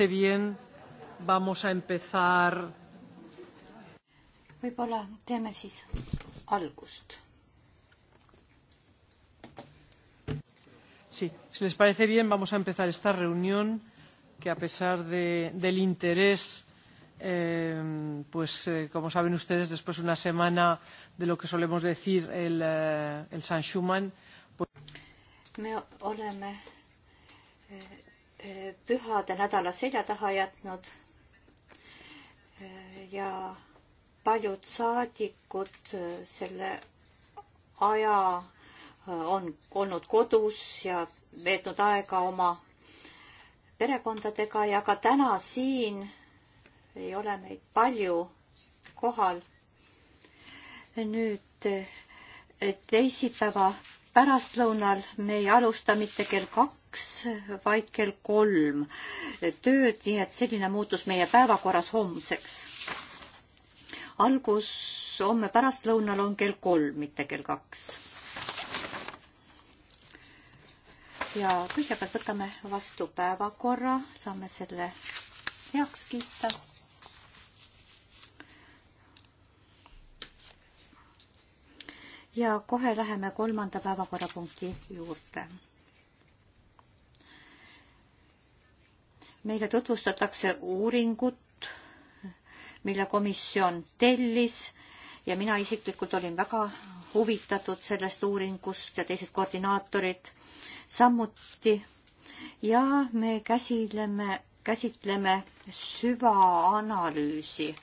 esté bien, vamos a empezar. võib-olla teeme siis algust. Sí, si les parece bien, vamos a empezar esta reunión que a pesar de, del interés Eh, pues eh, como saben ustedes, después de una semana de lo que solemos decir el, eh, el San Schumann, pues... me oleme eh, pühade nädala selja taha jätnud ja paljud saadikud selle aja on olnud kodus ja veetnud aega oma perekondadega ja ka täna siin ei ole meid palju kohal. nüüd teisipäeva pärastlõunal me ei alusta mitte kell kaks, kaks, vaid kell kolm tööd, nii et selline muutus meie päevakorras homseks. algus homme pärastlõunal on kell kolm, mitte kell kaks. ja kõigepealt võtame vastu päevakorra, saame selle heaks kiita ja kohe läheme kolmanda päevakorrapunkti juurde. meile tutvustatakse uuringut, mille komisjon tellis ja mina isiklikult olin väga huvitatud sellest uuringust ja teised koordinaatorid samuti. ja me käsileme, käsitleme süvaanalüüsi,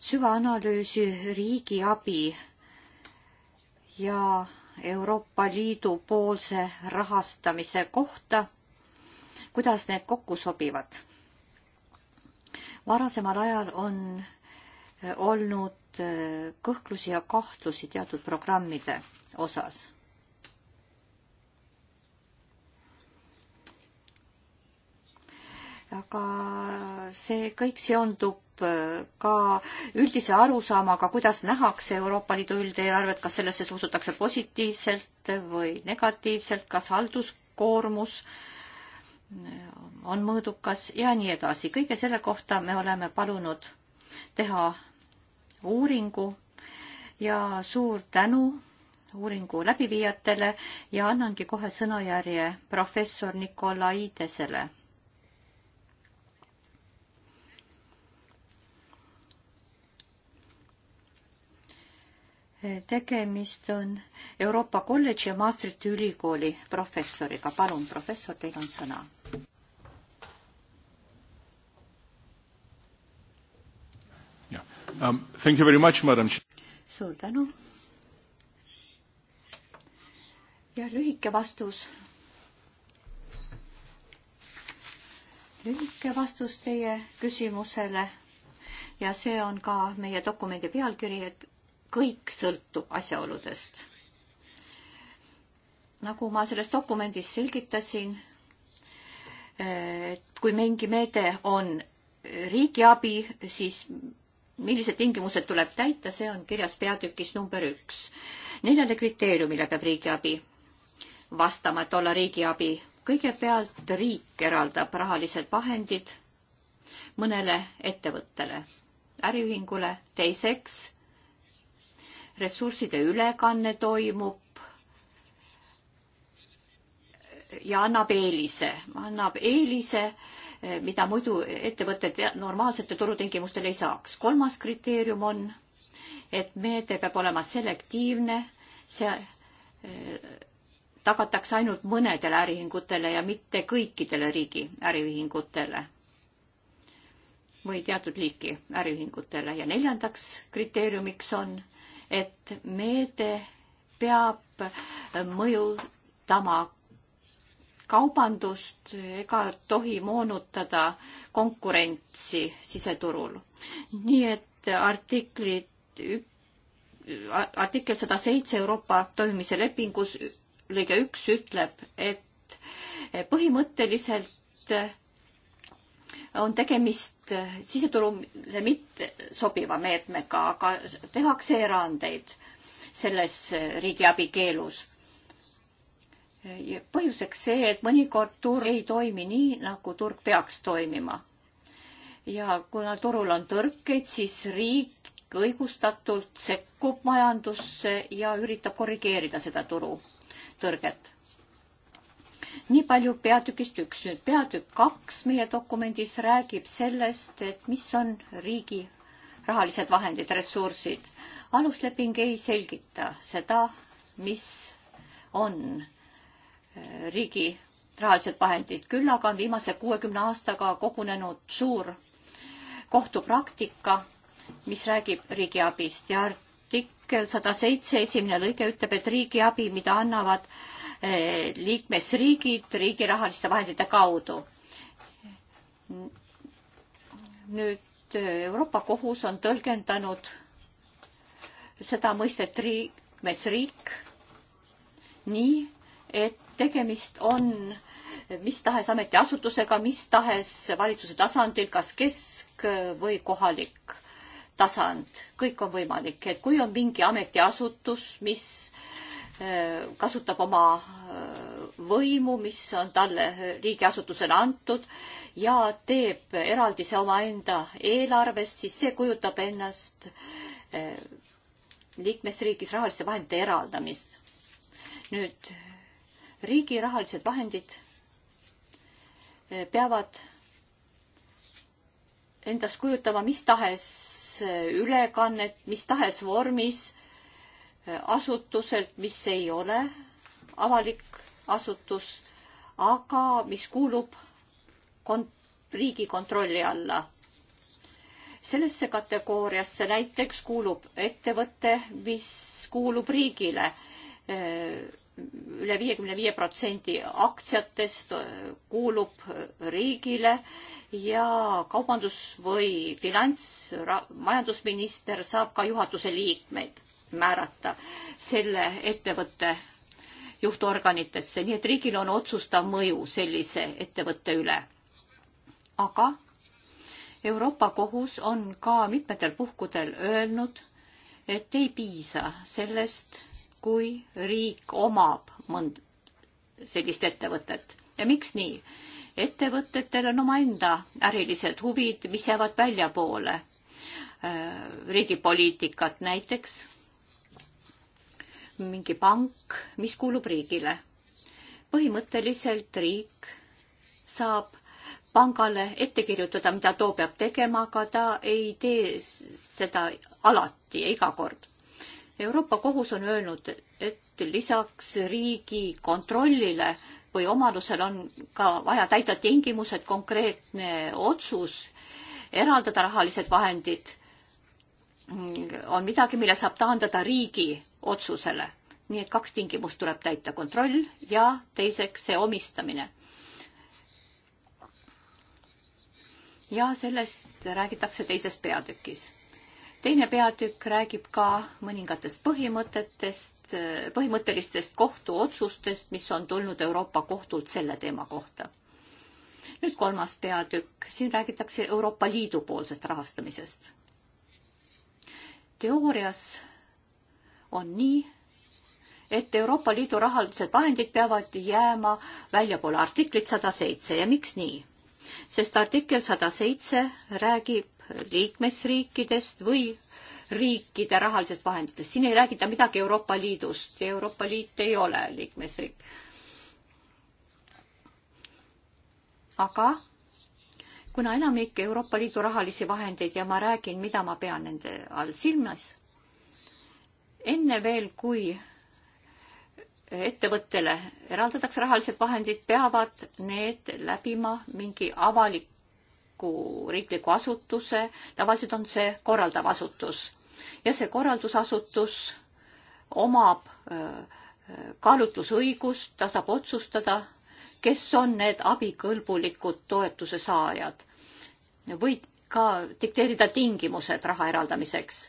süvaanalüüsi riigiabi ja Euroopa Liidu poolse rahastamise kohta kuidas need kokku sobivad. varasemal ajal on eh, olnud eh, kõhklusi ja kahtlusi teatud programmide osas. aga see kõik seondub eh, ka üldise arusaamaga, kuidas nähakse Euroopa Liidu üldeelarvet, kas sellesse suhtutakse positiivselt või negatiivselt, kas halduskoormus äh, on mõõdukas ja nii edasi. kõige selle kohta me oleme palunud teha uuringu ja suur tänu uuringu läbiviijatele ja annangi kohe sõnajärje professor Nikolaidesele tegemist on Euroopa kolledži ja Maastrichti ülikooli professoriga. palun, professor, teil on sõna. Um, thank you very much, madam. suur tänu. ja lühike vastus. lühike vastus teie küsimusele ja see on ka meie dokumendi pealkiri, et kõik sõltub asjaoludest. nagu ma selles dokumendis selgitasin, et kui mingi meede on riigiabi, siis millised tingimused tuleb täita, see on kirjas peatükis number üks. neljale kriteeriumile peab riigiabi vastama, et olla riigiabi. kõigepealt riik eraldab rahalised vahendid mõnele ettevõttele, äriühingule, teiseks ressursside ülekanne toimub ja annab eelise, annab eelise, eh, mida muidu ettevõtted normaalsete turutingimustel ei saaks. kolmas kriteerium on, et meede peab olema selektiivne, see eh, tagatakse ainult mõnedele äriühingutele ja mitte kõikidele riigi äriühingutele või teatud liiki äriühingutele ja neljandaks kriteeriumiks on, et meede peab mõjutama kaubandust ega tohi moonutada konkurentsi siseturul. nii et artiklid, artikkel sada seitse Euroopa toimimise lepingus lõige üks ütleb, et põhimõtteliselt on tegemist eh, siseturule mitte sobiva meetmega, aga tehakse erandeid selles eh, riigiabi keelus. põhjuseks see, et mõnikord turg ei toimi nii, nagu turg peaks toimima. ja kuna turul on tõrkeid, siis riik õigustatult sekkub majandusse ja üritab korrigeerida seda turu tõrget nii palju peatükist üks. nüüd peatükk kaks meie dokumendis räägib sellest, et mis on riigi rahalised vahendid, ressursid. alusleping ei selgita seda, mis on eh, riigi rahalised vahendid, küll aga on viimase kuuekümne aastaga kogunenud suur kohtupraktika, mis räägib riigiabist ja artikkel sada seitse esimene lõige ütleb, et riigiabi, mida annavad äh, liikmesriigid riigi rahaliste vahendite kaudu. nüüd äh, Euroopa Kohus on tõlgendanud seda mõistet liikmesriik nii, et tegemist on mis tahes ametiasutusega, mis tahes valitsuse tasandil, kas kesk või kohalik tasand, kõik on võimalik, et kui on mingi ametiasutus, mis Äh, kasutab oma äh, võimu, mis on talle äh, riigiasutusele antud ja teeb eraldise omaenda eelarvest, siis see kujutab ennast liikmesriigis rahaliste vahendite eraldamist. nüüd riigi rahalised vahendid peavad endast kujutama mis tahes ülekannet mis tahes vormis asutuselt, mis ei ole avalik asutus, aga mis kuulub kont-, riigi kontrolli alla. sellesse kategooriasse näiteks kuulub ettevõte, mis kuulub riigile üle viiekümne viie protsendi aktsiatest kuulub riigile ja kaubandus- või finants, majandusminister saab ka juhatuse liikmeid määrata selle ettevõtte juhtorganitesse, nii et riigil on otsustav mõju sellise ettevõtte üle. aga Euroopa Kohus on ka mitmetel puhkudel öelnud, et ei piisa sellest, kui riik omab mõnd-, sellist ettevõtet. ja miks nii? ettevõtetel on omaenda ärilised huvid, mis jäävad väljapoole äh, riigi poliitikat näiteks mingi pank, mis kuulub riigile. põhimõtteliselt riik saab pangale ette kirjutada, mida too peab tegema, aga ta ei tee seda alati ja iga kord. Euroopa Kohus on öelnud, et lisaks riigi kontrollile või omadusel on ka vaja täita tingimused, konkreetne otsus eraldada rahalised vahendid on midagi, mille saab taandada riigi otsusele. nii et kaks tingimust tuleb täita, kontroll ja teiseks see omistamine. ja sellest räägitakse teises peatükis. teine peatükk räägib ka mõningatest põhimõtetest, põhimõttelistest kohtuotsustest, mis on tulnud Euroopa kohtult selle teema kohta. nüüd kolmas peatükk, siin räägitakse Euroopa Liidu poolsest rahastamisest teoorias on nii, et Euroopa Liidu rahalised vahendid peavad jääma väljapoole artiklit sada seitse ja miks nii? sest artikkel sada seitse räägib liikmesriikidest või riikide rahalisest vahenditest, siin ei räägita midagi Euroopa Liidust ja Euroopa Liit ei ole liikmesriik. aga kuna enamik Euroopa Liidu rahalisi vahendeid ja ma räägin, mida ma pean nende all silmas enne veel, kui ettevõttele eraldatakse rahalised vahendid, peavad need läbima mingi avaliku riikliku asutuse, tavaliselt on see korraldav asutus ja see korraldusasutus omab äh, kaalutlusõigust, ta saab otsustada, kes on need abikõlbulikud toetuse saajad või ka dikteerida tingimused raha eraldamiseks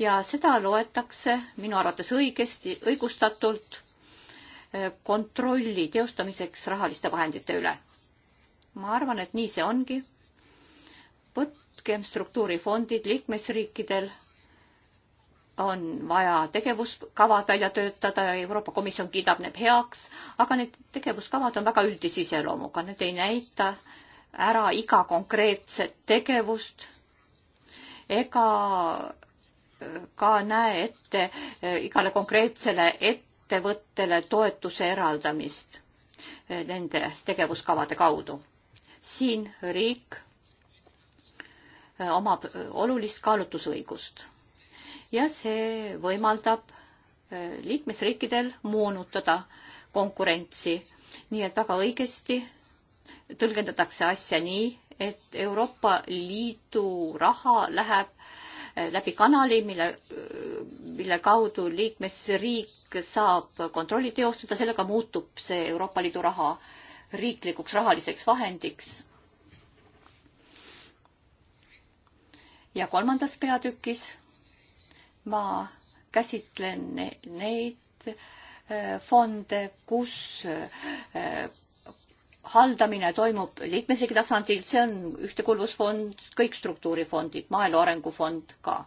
ja seda loetakse minu arvates õigesti, õigustatult eh, kontrolli teostamiseks rahaliste vahendite üle. ma arvan, et nii see ongi. võtkem struktuurifondid liikmesriikidel on vaja tegevuskavad välja töötada ja Euroopa Komisjon kiidab need heaks, aga need tegevuskavad on väga üldise iseloomuga, need ei näita ära iga konkreetset tegevust ega ka näe ette eh, igale konkreetsele ettevõttele toetuse eraldamist eh, nende tegevuskavade kaudu. siin riik eh, omab olulist kaalutlusõigust ja see võimaldab liikmesriikidel moonutada konkurentsi, nii et väga õigesti tõlgendatakse asja nii, et Euroopa Liidu raha läheb läbi kanali, mille, mille kaudu liikmesriik saab kontrolli teostada, sellega muutub see Euroopa Liidu raha riiklikuks rahaliseks vahendiks. ja kolmandas peatükis ma käsitlen neid äh, fonde, kus äh, haldamine toimub liikmesriigi tasandil, see on ühtekuuluvusfond, kõik struktuurifondid, Maaelu Arengufond ka.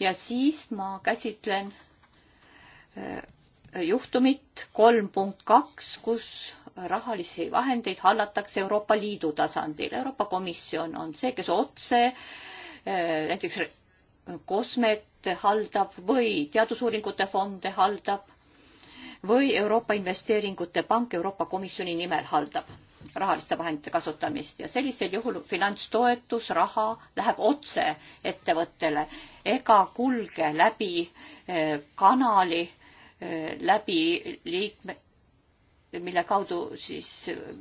ja siis ma käsitlen äh, juhtumit kolm punkt kaks, kus rahalisi vahendeid hallatakse Euroopa Liidu tasandil. Euroopa Komisjon on see, kes otse äh, näiteks kosmet haldab või teadusuuringute fonde haldab või Euroopa Investeeringute Pank Euroopa Komisjoni nimel haldab rahaliste vahendite kasutamist ja sellisel juhul finantstoetus, raha läheb otse ettevõttele ega kulge läbi eh, kanali, eh, läbi liikme, mille kaudu siis,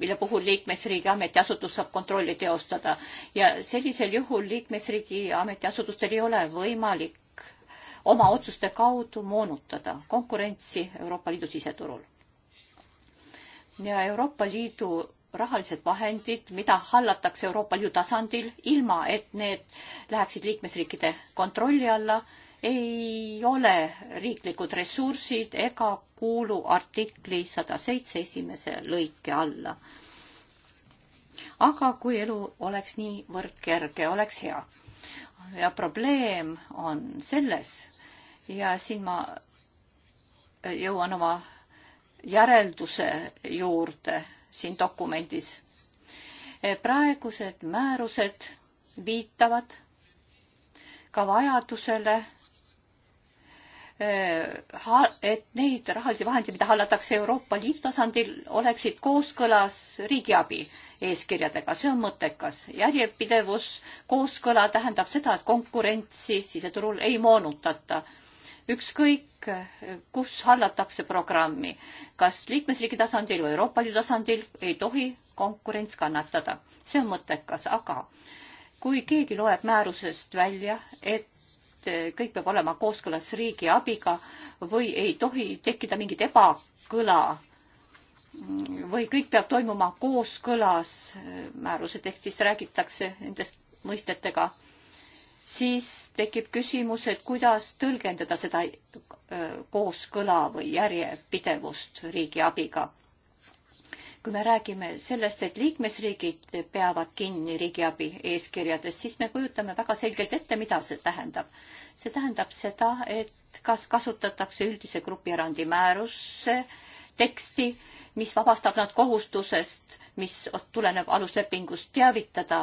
mille puhul liikmesriigi ametiasutus saab kontrolli teostada ja sellisel juhul liikmesriigi ametiasutustel ei ole võimalik oma otsuste kaudu moonutada konkurentsi Euroopa Liidu siseturul. ja Euroopa Liidu rahalised vahendid, mida hallatakse Euroopa Liidu tasandil, ilma et need läheksid liikmesriikide kontrolli alla, ei ole riiklikud ressursid ega kuulu artikli sada seitse esimese lõike alla. aga kui elu oleks niivõrd kerge, oleks hea. ja probleem on selles, ja siin ma jõuan oma järelduse juurde siin dokumendis. praegused määrused viitavad ka vajadusele, eh, et neid rahalisi vahendeid, mida hallatakse Euroopa Liidu tasandil, oleksid kooskõlas riigiabi eeskirjadega, see on mõttekas. järjepidevus, kooskõla tähendab seda, et konkurentsi siseturul ei moonutata ükskõik, kus hallatakse programmi, kas liikmesriigi tasandil või Euroopa Liidu tasandil, ei tohi konkurents kannatada. see on mõttekas, aga kui keegi loeb määrusest välja, et kõik peab olema kooskõlas riigi abiga või ei tohi tekkida mingit ebakõla või kõik peab toimuma kooskõlas määruse tekstis räägitakse nendest mõistetega siis tekib küsimus, et kuidas tõlgendada seda äh, kooskõla või järjepidevust riigi abiga. kui me räägime sellest, et liikmesriigid peavad kinni riigiabi eeskirjadest, siis me kujutame väga selgelt ette, mida see tähendab. see tähendab seda, et kas kasutatakse üldise grupierandi määrusse äh, teksti, mis vabastab nad kohustusest, mis tuleneb aluslepingust teavitada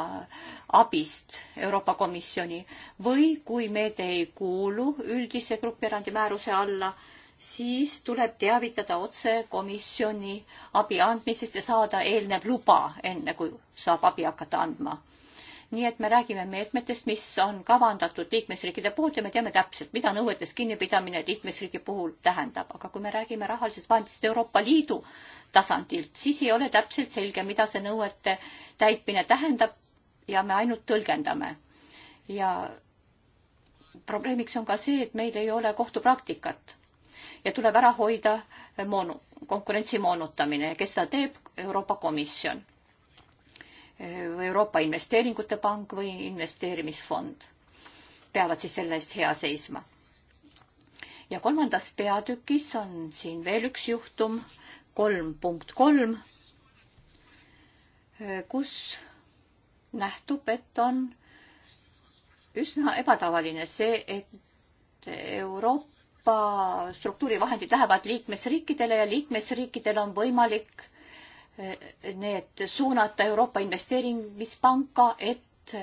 abist Euroopa Komisjoni või kui meede ei kuulu üldise grupierandi määruse alla, siis tuleb teavitada otse komisjoni abi andmisest ja saada eelnev luba, enne kui saab abi hakata andma nii et me räägime meetmetest, mis on kavandatud liikmesriikide poolt ja me teame täpselt, mida nõuetest kinnipidamine liikmesriigi puhul tähendab, aga kui me räägime rahalisest vahendist Euroopa Liidu tasandilt, siis ei ole täpselt selge, mida see nõuete täitmine tähendab ja me ainult tõlgendame. ja probleemiks on ka see, et meil ei ole kohtupraktikat ja tuleb ära hoida moonu, konkurentsi moonutamine ja kes seda teeb, Euroopa Komisjon Euroopa Investeeringute Pank või investeerimisfond peavad siis selle eest hea seisma. ja kolmandas peatükis on siin veel üks juhtum, kolm punkt kolm, kus nähtub, et on üsna ebatavaline see, et Euroopa struktuurivahendid lähevad liikmesriikidele ja liikmesriikidel on võimalik need suunata Euroopa Investeerimispanka, et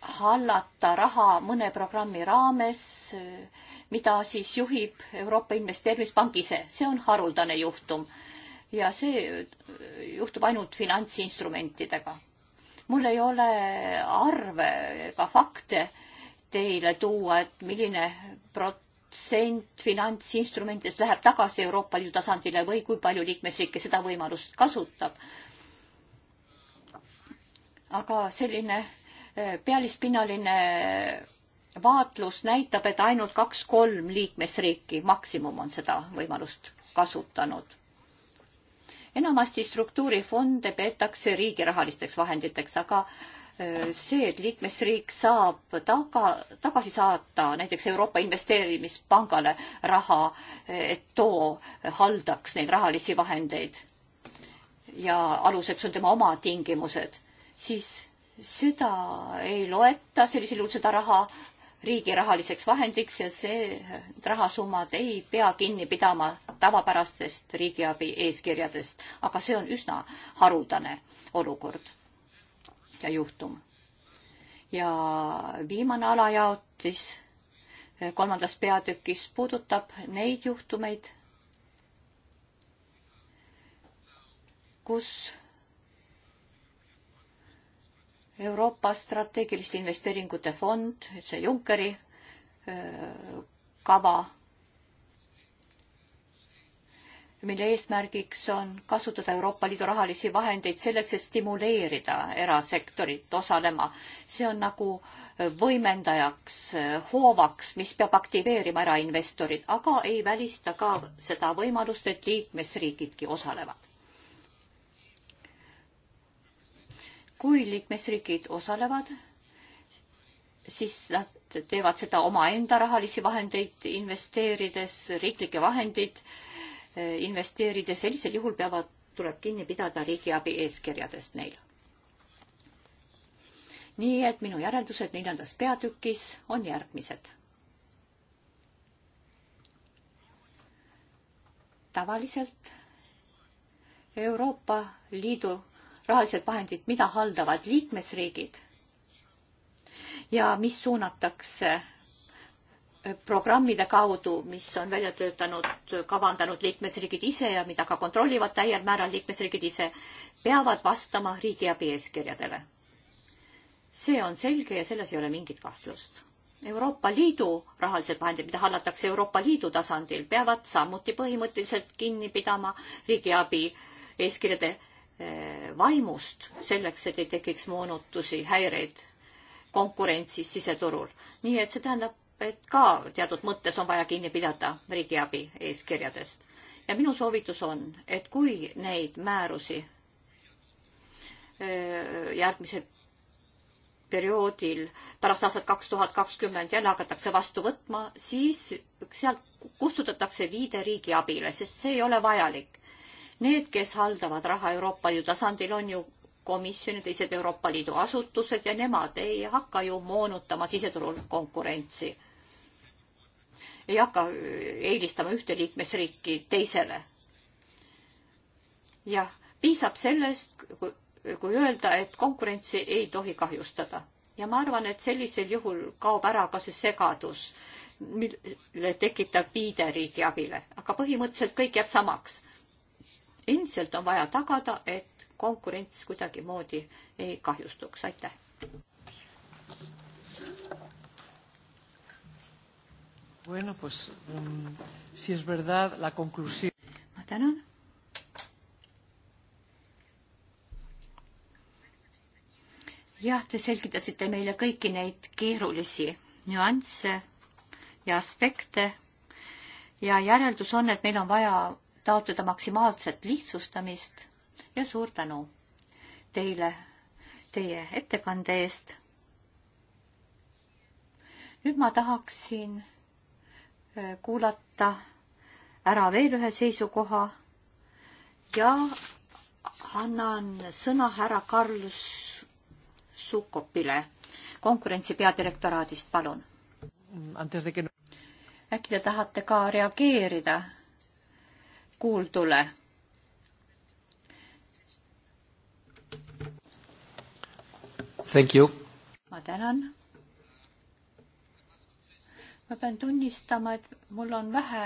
hallata raha mõne programmi raames, mida siis juhib Euroopa Investeerimispank ise. see on haruldane juhtum ja see juhtub ainult finantsinstrumentidega. mul ei ole arve ega fakte teile tuua, et milline prot-, protsent finantsinstrumentidest läheb tagasi Euroopa Liidu tasandile või kui palju liikmesriike seda võimalust kasutab. aga selline eh, pealispinnaline vaatlus näitab, et ainult kaks-kolm liikmesriiki maksimum on seda võimalust kasutanud. enamasti struktuurifonde peetakse riigi rahalisteks vahenditeks, aga äh, see, et liikmesriik saab taga, tagasi saata näiteks Euroopa Investeerimispangale raha, et too haldaks neid rahalisi vahendeid ja aluseks on tema oma tingimused, siis seda ei loeta sellisel juhul seda raha riigi rahaliseks vahendiks ja see, need rahasummad ei pea kinni pidama tavapärastest riigiabi eeskirjadest, aga see on üsna haruldane olukord ja juhtum. ja viimane alajaotis eh, kolmandas peatükis puudutab neid juhtumeid, kus Euroopa strateegiliste investeeringute fond, see Junckeri eh, kava mille eesmärgiks on kasutada Euroopa Liidu rahalisi vahendeid selleks, et stimuleerida erasektorit osalema. see on nagu äh, võimendajaks, äh, hoovaks, mis peab aktiveerima erainvestorid, aga ei välista ka seda võimalust, et liikmesriigidki osalevad. kui liikmesriigid osalevad, siis nad teevad seda omaenda rahalisi vahendeid investeerides, riiklikke vahendeid Eh, investeerida, sellisel juhul peavad, tuleb kinni pidada riigiabi eeskirjadest neil. nii et minu järeldused neljandas peatükis on järgmised. tavaliselt Euroopa Liidu rahalised vahendid, mida haldavad liikmesriigid ja mis suunatakse programmide kaudu, mis on välja töötanud, kavandanud liikmesriigid ise ja mida ka kontrollivad täiel määral liikmesriigid ise, peavad vastama riigiabi eeskirjadele. see on selge ja selles ei ole mingit kahtlust. Euroopa Liidu rahalised vahendid, mida hallatakse Euroopa Liidu tasandil, peavad samuti põhimõtteliselt kinni pidama riigiabi eeskirjade eh, vaimust, selleks et ei tekiks moonutusi, häireid konkurentsis siseturul. nii et see tähendab et ka teatud mõttes on vaja kinni pidada riigiabi eeskirjadest. ja minu soovitus on, et kui neid määrusi järgmisel perioodil pärast aastat kaks tuhat kakskümmend jälle hakatakse vastu võtma, siis sealt kustutatakse viide riigiabile, sest see ei ole vajalik. Need, kes haldavad raha Euroopa Liidu tasandil, on ju komisjoni, teised Euroopa Liidu asutused ja nemad ei hakka ju moonutama siseturul konkurentsi ei hakka eelistama ühte liikmesriiki teisele. jah, piisab sellest, kui öelda, et konkurentsi ei tohi kahjustada ja ma arvan, et sellisel juhul kaob ära ka see segadus, mille tekitab viide riigi abile, aga põhimõtteliselt kõik jääb samaks. endiselt on vaja tagada, et konkurents kuidagimoodi ei kahjustuks, aitäh. Bueno, pues um, si es verdad, la conclusión. Ma tänan. jah, te selgitasite meile kõiki neid keerulisi nüansse ja aspekte ja järeldus on, et meil on vaja taotleda maksimaalset lihtsustamist ja suur tänu teile teie ettekande eest. nüüd ma tahaksin kuulata ära veel ühe seisukoha ja annan sõna härra Karl Sukopile konkurentsi peadirektoraadist, palun. äkki te tahate ka reageerida kuuldule? Thank you. ma tänan ma pean tunnistama, et mul on vähe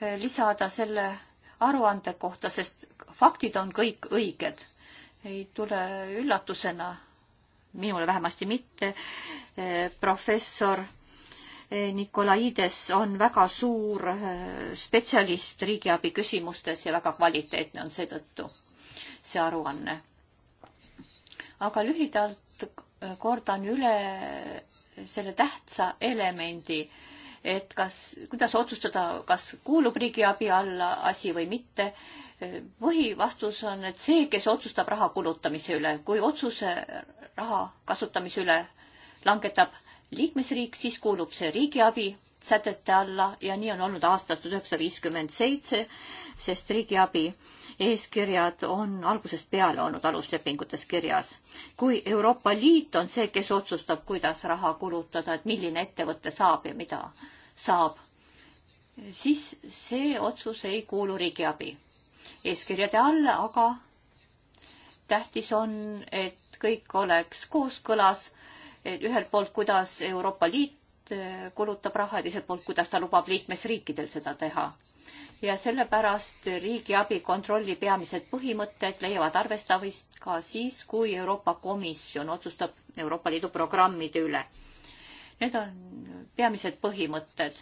eh, lisada selle aruande kohta, sest faktid on kõik õiged. ei tule üllatusena, minule vähemasti mitte, eh, professor eh, Nikolaides on väga suur spetsialist riigiabi küsimustes ja väga kvaliteetne on seetõttu see aruanne. aga lühidalt kordan üle selle tähtsa elemendi, et kas, kuidas otsustada, kas kuulub riigiabi alla asi või mitte. põhivastus on, et see, kes otsustab raha kulutamise üle, kui otsuse raha kasutamise üle langetab liikmesriik, siis kuulub see riigiabi sätete alla ja nii on olnud aastast tuhat üheksasada viiskümmend seitse, sest riigiabi eeskirjad on algusest peale olnud aluslepingutes kirjas. kui Euroopa Liit on see, kes otsustab, kuidas raha kulutada, et milline ettevõte saab ja mida saab, siis see otsus ei kuulu riigiabi eeskirjade alla, aga tähtis on, et kõik oleks kooskõlas, et ühelt poolt, kuidas Euroopa Liit Eh, kulutab raha ja teiselt poolt, kuidas ta lubab liikmesriikidel seda teha. ja sellepärast riigiabi kontrolli peamised põhimõtted leiavad arvestamist ka siis, kui Euroopa Komisjon otsustab Euroopa Liidu programmide üle. Need on peamised põhimõtted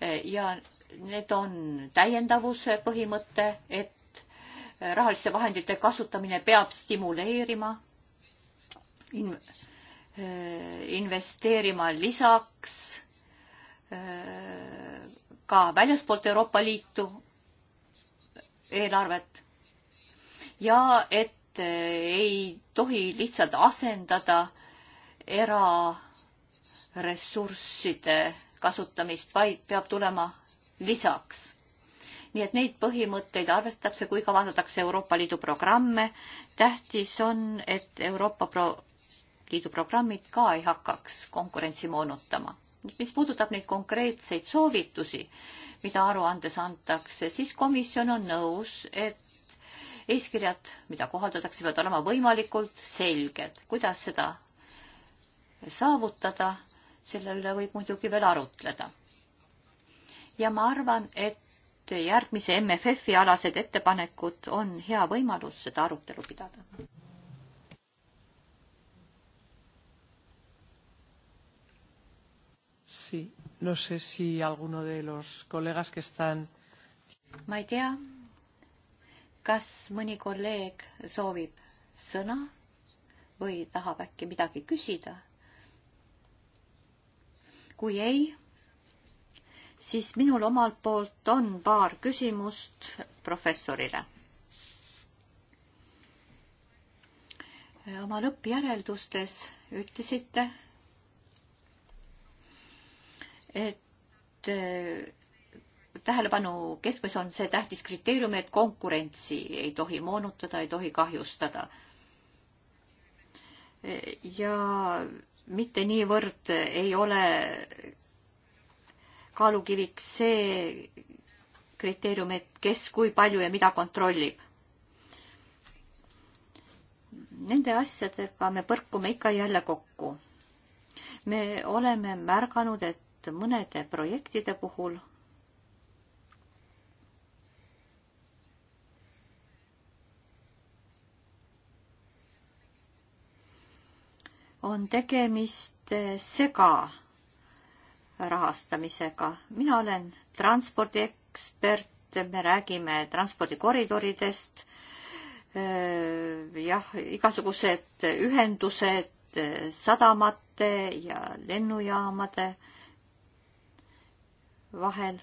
eh, ja need on täiendavuse põhimõte, et eh, rahaliste vahendite kasutamine peab stimuleerima in-, Eh, investeerima lisaks eh, ka väljaspoolt Euroopa Liitu eelarvet ja et eh, ei tohi lihtsalt asendada eraressursside kasutamist, vaid peab tulema lisaks. nii et neid põhimõtteid arvestatakse, kui kavandatakse Euroopa Liidu programme. tähtis on, et Euroopa pro Liidu programmid ka ei hakkaks konkurentsi moonutama. mis puudutab neid konkreetseid soovitusi, mida aruandes antakse, siis komisjon on nõus, et eeskirjad, mida kohaldatakse, peavad olema võimalikult selged. kuidas seda saavutada, selle üle võib muidugi veel arutleda. ja ma arvan, et järgmise MFF-i alased ettepanekud on hea võimalus seda arutelu pidada. Sí, no sé si alguno de los colegas que están. ma ei tea, kas mõni kolleeg soovib sõna või tahab äkki midagi küsida. kui ei, siis minul omalt poolt on paar küsimust professorile. oma lõppjäreldustes ütlesite et äh, tähelepanu keskmes on see tähtis kriteerium, et konkurentsi ei tohi moonutada, ei tohi kahjustada. ja mitte niivõrd ei ole kaalukiviks see kriteerium, et kes kui palju ja mida kontrollib. Nende asjadega me põrkume ikka jälle kokku. me oleme märganud, et et mõnede projektide puhul on tegemist segarahastamisega. mina olen transpordiekspert, me räägime transpordikoridoridest, äh, jah, igasugused ühendused äh, sadamate ja lennujaamade äh, vahel.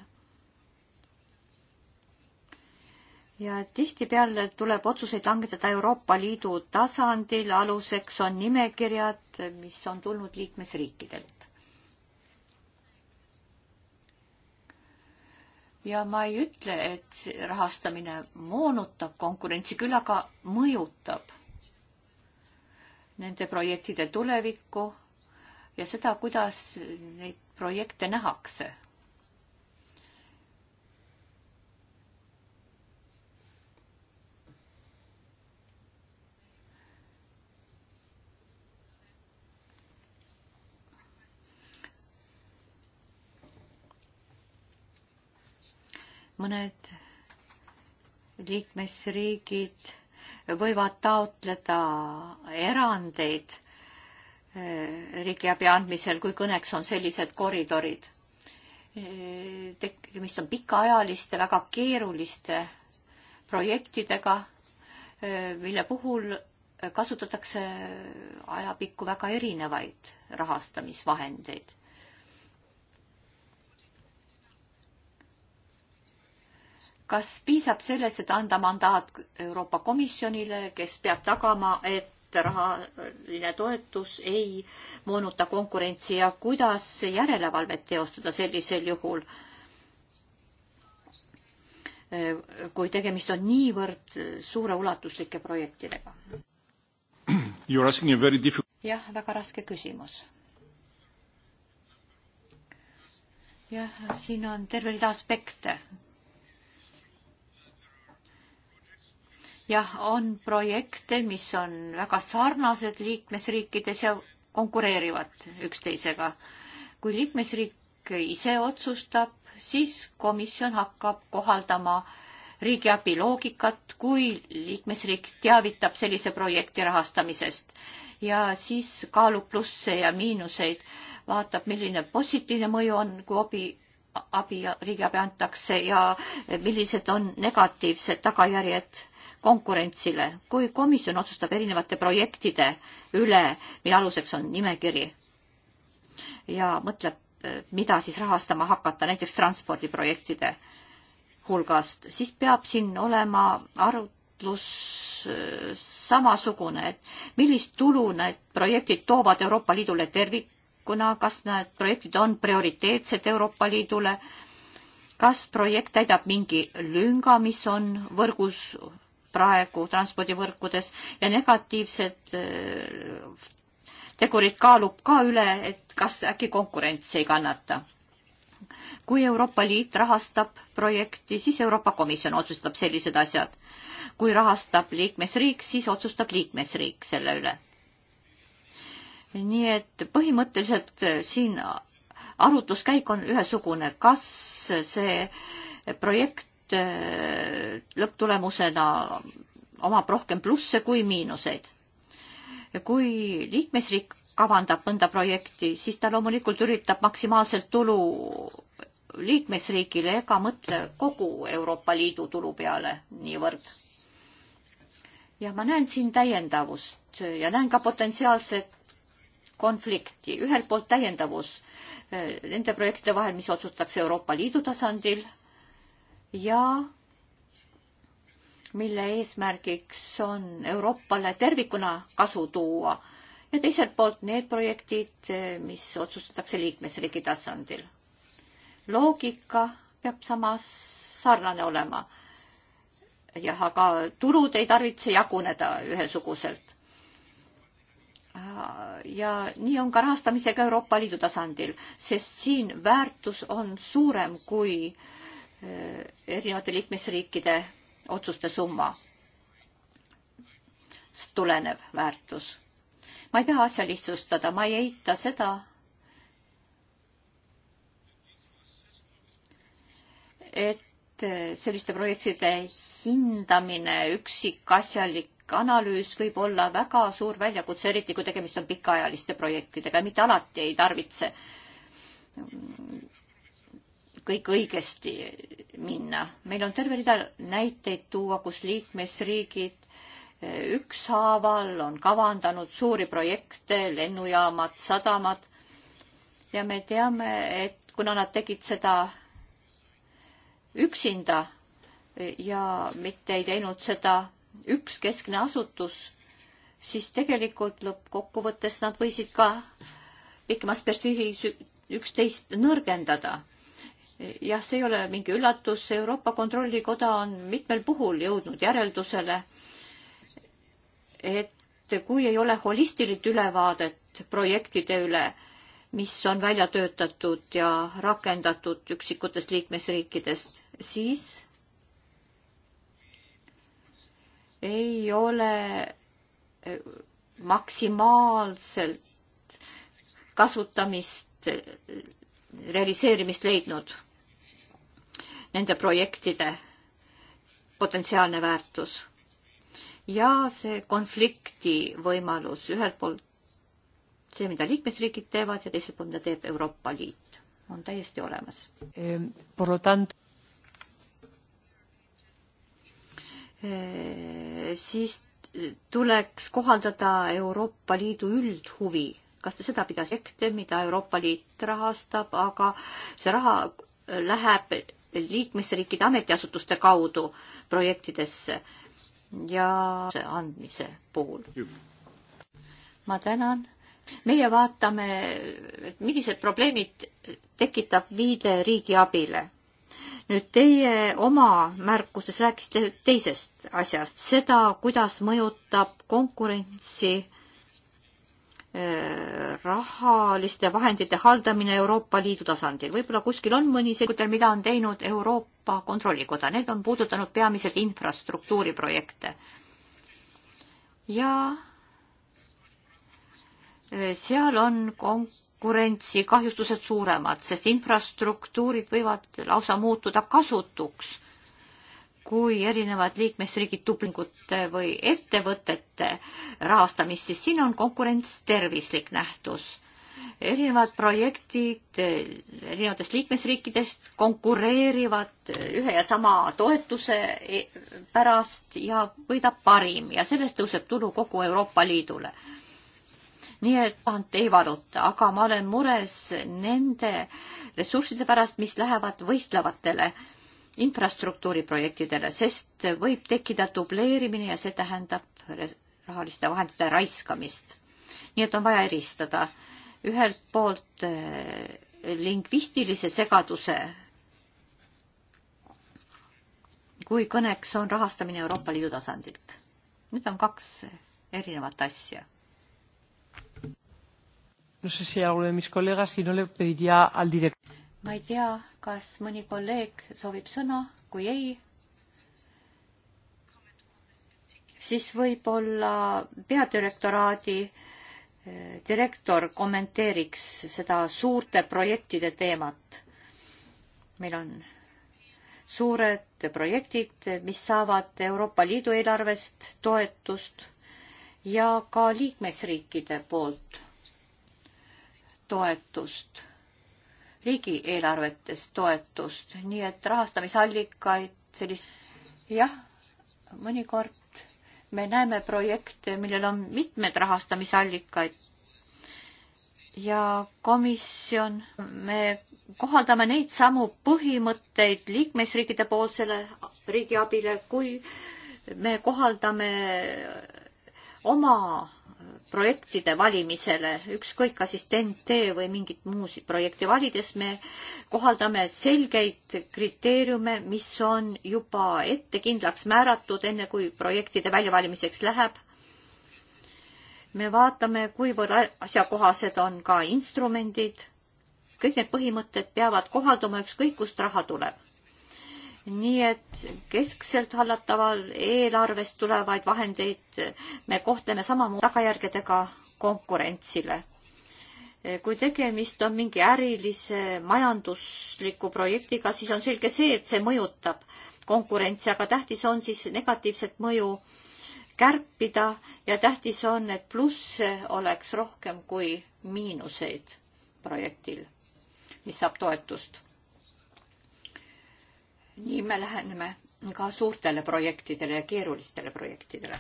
ja tihtipeale tuleb otsuseid langetada Euroopa Liidu tasandil, aluseks on nimekirjad, mis on tulnud liikmesriikidelt. ja ma ei ütle, et rahastamine moonutab konkurentsi, küll aga mõjutab nende projektide tulevikku ja seda, kuidas neid projekte nähakse mõned liikmesriigid võivad taotleda erandeid eh, riigiabi andmisel, kui kõneks on sellised koridorid. Eh, tegemist on pikaajaliste, väga keeruliste projektidega, eh, mille puhul kasutatakse ajapikku väga erinevaid rahastamisvahendeid kas piisab sellest, et anda mandaat Euroopa Komisjonile, kes peab tagama, et rahaline toetus ei moonuta konkurentsi ja kuidas järelevalvet teostada sellisel juhul, kui tegemist on niivõrd suure ulatuslike projektidega? jah, väga raske küsimus jah, siin on terve rida aspekte, jah, on projekte, mis on väga sarnased liikmesriikides ja konkureerivad üksteisega. kui liikmesriik ise otsustab, siis komisjon hakkab kohaldama riigiabi loogikat, kui liikmesriik teavitab sellise projekti rahastamisest ja siis kaalub plusse ja miinuseid, vaatab, milline positiivne mõju on, kui abi, abi, riigiabi antakse ja millised on negatiivsed tagajärjed konkurentsile, kui komisjon otsustab erinevate projektide üle, mille aluseks on nimekiri ja mõtleb, mida siis rahastama hakata, näiteks transpordiprojektide hulgast, siis peab siin olema arutlus äh, samasugune, et millist tulu need projektid toovad Euroopa Liidule tervikuna, kas need projektid on prioriteetsed Euroopa Liidule, kas projekt täidab mingi lünga, mis on võrgus praegu transpordivõrkudes ja negatiivsed äh, tegurid kaalub ka üle, et kas äkki konkurents ei kannata. kui Euroopa Liit rahastab projekti, siis Euroopa Komisjon otsustab sellised asjad. kui rahastab liikmesriik, siis otsustab liikmesriik selle üle. nii et põhimõtteliselt äh, siin arutluskäik on ühesugune, kas see projekt Äh, lõpptulemusena omab rohkem plusse kui miinuseid. kui liikmesriik kavandab mõnda projekti, siis ta loomulikult üritab maksimaalselt tulu liikmesriigile ega mõtle kogu Euroopa Liidu tulu peale niivõrd. ja ma näen siin täiendavust ja näen ka potentsiaalset konflikti, ühelt poolt täiendavus äh, nende projektide vahel, mis otsustatakse Euroopa Liidu tasandil ja mille eesmärgiks on Euroopale tervikuna kasu tuua ja teiselt poolt need projektid, mis otsustatakse liikmesriigi tasandil. loogika peab samas sarnane olema. jah, aga tulud ei tarvitse jaguneda ühesuguselt. ja nii on ka rahastamisega Euroopa Liidu tasandil, sest siin väärtus on suurem kui äh, erinevate liikmesriikide otsuste summa tulenev väärtus. ma ei taha asja lihtsustada, ma ei eita seda, et selliste projektide hindamine, üksikasjalik analüüs võib olla väga suur väljakutse, eriti kui tegemist on pikaajaliste projektidega, mitte alati ei tarvitse kõik õigesti minna. meil on terve rida näiteid tuua, kus liikmesriigid eh, ükshaaval on kavandanud suuri projekte, lennujaamad, sadamad ja me teame, et kuna nad tegid seda üksinda ja mitte ei teinud seda üks keskne asutus, siis tegelikult lõppkokkuvõttes nad võisid ka pikemas perspektiivis üksteist nõrgendada jah, see ei ole mingi üllatus, Euroopa Kontrollikoda on mitmel puhul jõudnud järeldusele, et kui ei ole holistilit ülevaadet projektide üle, mis on välja töötatud ja rakendatud üksikutest liikmesriikidest, siis ei ole eh, maksimaalselt kasutamist, realiseerimist leidnud nende projektide potentsiaalne väärtus. ja see konflikti võimalus ühelt poolt see, mida liikmesriigid teevad ja teiselt poolt, mida teeb Euroopa Liit, on täiesti olemas. Ehm, ehm, siis tuleks kohaldada Euroopa Liidu üldhuvi, kas te seda pidasite, mida Euroopa Liit rahastab, aga see raha läheb liikmesriikide ametiasutuste kaudu projektidesse ja andmise puhul. ma tänan. meie vaatame, et millised probleemid tekitab viide riigi abile. nüüd teie oma märkustes rääkisite teisest asjast, seda, kuidas mõjutab konkurentsi äh, rahaliste vahendite haldamine Euroopa Liidu tasandil. võib-olla kuskil on mõni selgitel, mida on teinud Euroopa Kontrollikoda, need on puudutanud peamiselt infrastruktuuriprojekte. ja eh, seal on konkurentsikahjustused suuremad, sest infrastruktuurid võivad lausa muutuda kasutuks kui erinevad liikmesriigid dublingute või ettevõtete rahastamist, siis siin on konkurents tervislik nähtus. erinevad projektid erinevatest liikmesriikidest konkureerivad ühe ja sama toetuse e-, pärast ja võidab parim ja sellest tõuseb tulu kogu Euroopa Liidule nii et pant ei valuta, aga ma olen mures nende ressursside pärast, mis lähevad võistlevatele äh, infrastruktuuriprojektidele, sest võib tekkida dubleerimine ja see tähendab rahaliste vahendite raiskamist. nii et on vaja eristada ühelt poolt eh, lingvistilise segaduse kui kõneks on rahastamine Euroopa Liidu tasandilt. Need on kaks erinevat asja. No sé si a alguno de mis colegas si no le pediría al director ma ei tea, kas mõni kolleeg soovib sõna, kui ei, siis võib-olla peadirektoraadi eh, direktor kommenteeriks seda suurte projektide teemat. meil on suured projektid, mis saavad Euroopa Liidu eelarvest toetust ja ka liikmesriikide poolt toetust riigieelarvetest toetust, nii et rahastamisallikaid sellist, jah, mõnikord me näeme projekte, millel on mitmed rahastamisallikaid ja komisjon, me kohaldame neid samu põhimõtteid liikmesriikide poolsele riigiabile, kui me kohaldame oma projektide valimisele, ükskõik kas siis TNT või mingit muud projekti valides, me kohaldame selgeid kriteeriume, mis on juba ette kindlaks määratud, enne kui projektide väljavalimiseks läheb. me vaatame, kuivõrd asjakohased on ka instrumendid. kõik need põhimõtted peavad kohalduma, ükskõik kust raha tuleb nii et keskselt hallataval eelarvest tulevaid vahendeid me kohtleme samamoodi tagajärgedega konkurentsile. kui tegemist on mingi ärilise majandusliku projektiga, siis on selge see, et see mõjutab konkurentsi, aga tähtis on siis negatiivset mõju kärpida ja tähtis on, et plusse oleks rohkem kui miinuseid projektil, mis saab toetust nii me läheneme ka suurtele projektidele ja keerulistele projektidele.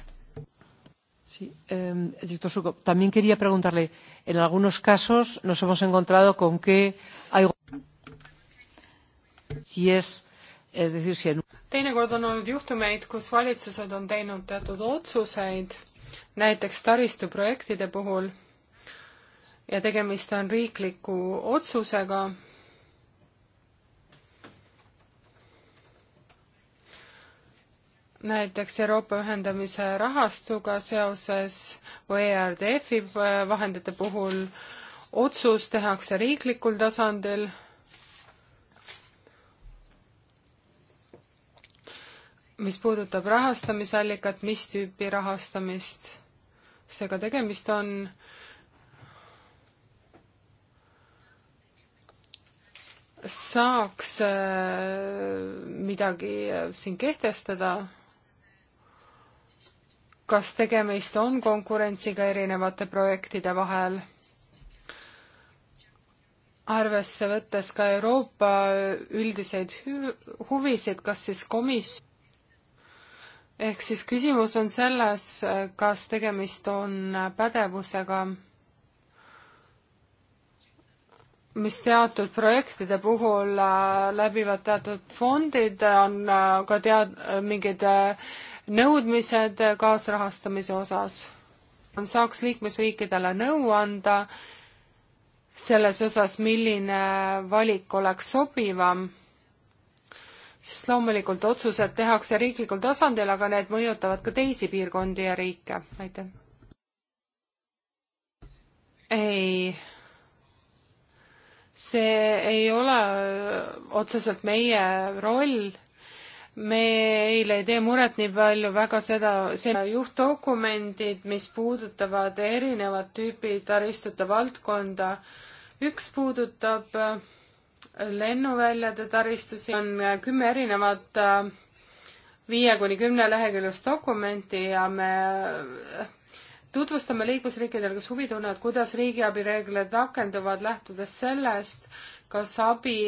Sí, eh, director Suco, también quería preguntarle, en algunos casos nos hemos encontrado con que hay... Si es, es decir, si en... teinekord on olnud juhtumeid, kus valitsused on teinud teatud otsuseid, näiteks taristuprojektide puhul, ja tegemist on riikliku otsusega, näiteks Euroopa ühendamise rahastuga seoses või ERDF-i äh, vahendite puhul otsus tehakse riiklikul tasandil. mis puudutab rahastamisallikat, mis tüüpi rahastamist seega tegemist on saaks äh, midagi äh, siin kehtestada kas tegemist on konkurentsiga erinevate projektide vahel, arvesse võttes ka Euroopa üldiseid huvisid, kas siis komis-, ehk siis küsimus on selles, kas tegemist on pädevusega, mis teatud projektide puhul äh, läbivad teatud fondid, äh, on äh, ka tead-, mingid nõudmised kaasrahastamise osas. saaks liikmesriikidele nõu anda selles osas, milline valik oleks sobivam, sest loomulikult otsused tehakse riiklikul tasandil, aga need mõjutavad ka teisi piirkondi ja riike. aitäh! ei, see ei ole otseselt meie roll meile ei tee muret nii palju väga seda, see juhtdokumendid, mis puudutavad erinevat tüüpi taristute valdkonda. üks puudutab äh, lennuväljade taristusi, on äh, kümme erinevat äh, viie kuni kümne leheküljest dokumenti ja me tutvustame liikmesriikidele, kes huvi tunnevad, kuidas riigiabi reeglid rakenduvad, lähtudes sellest, kas abi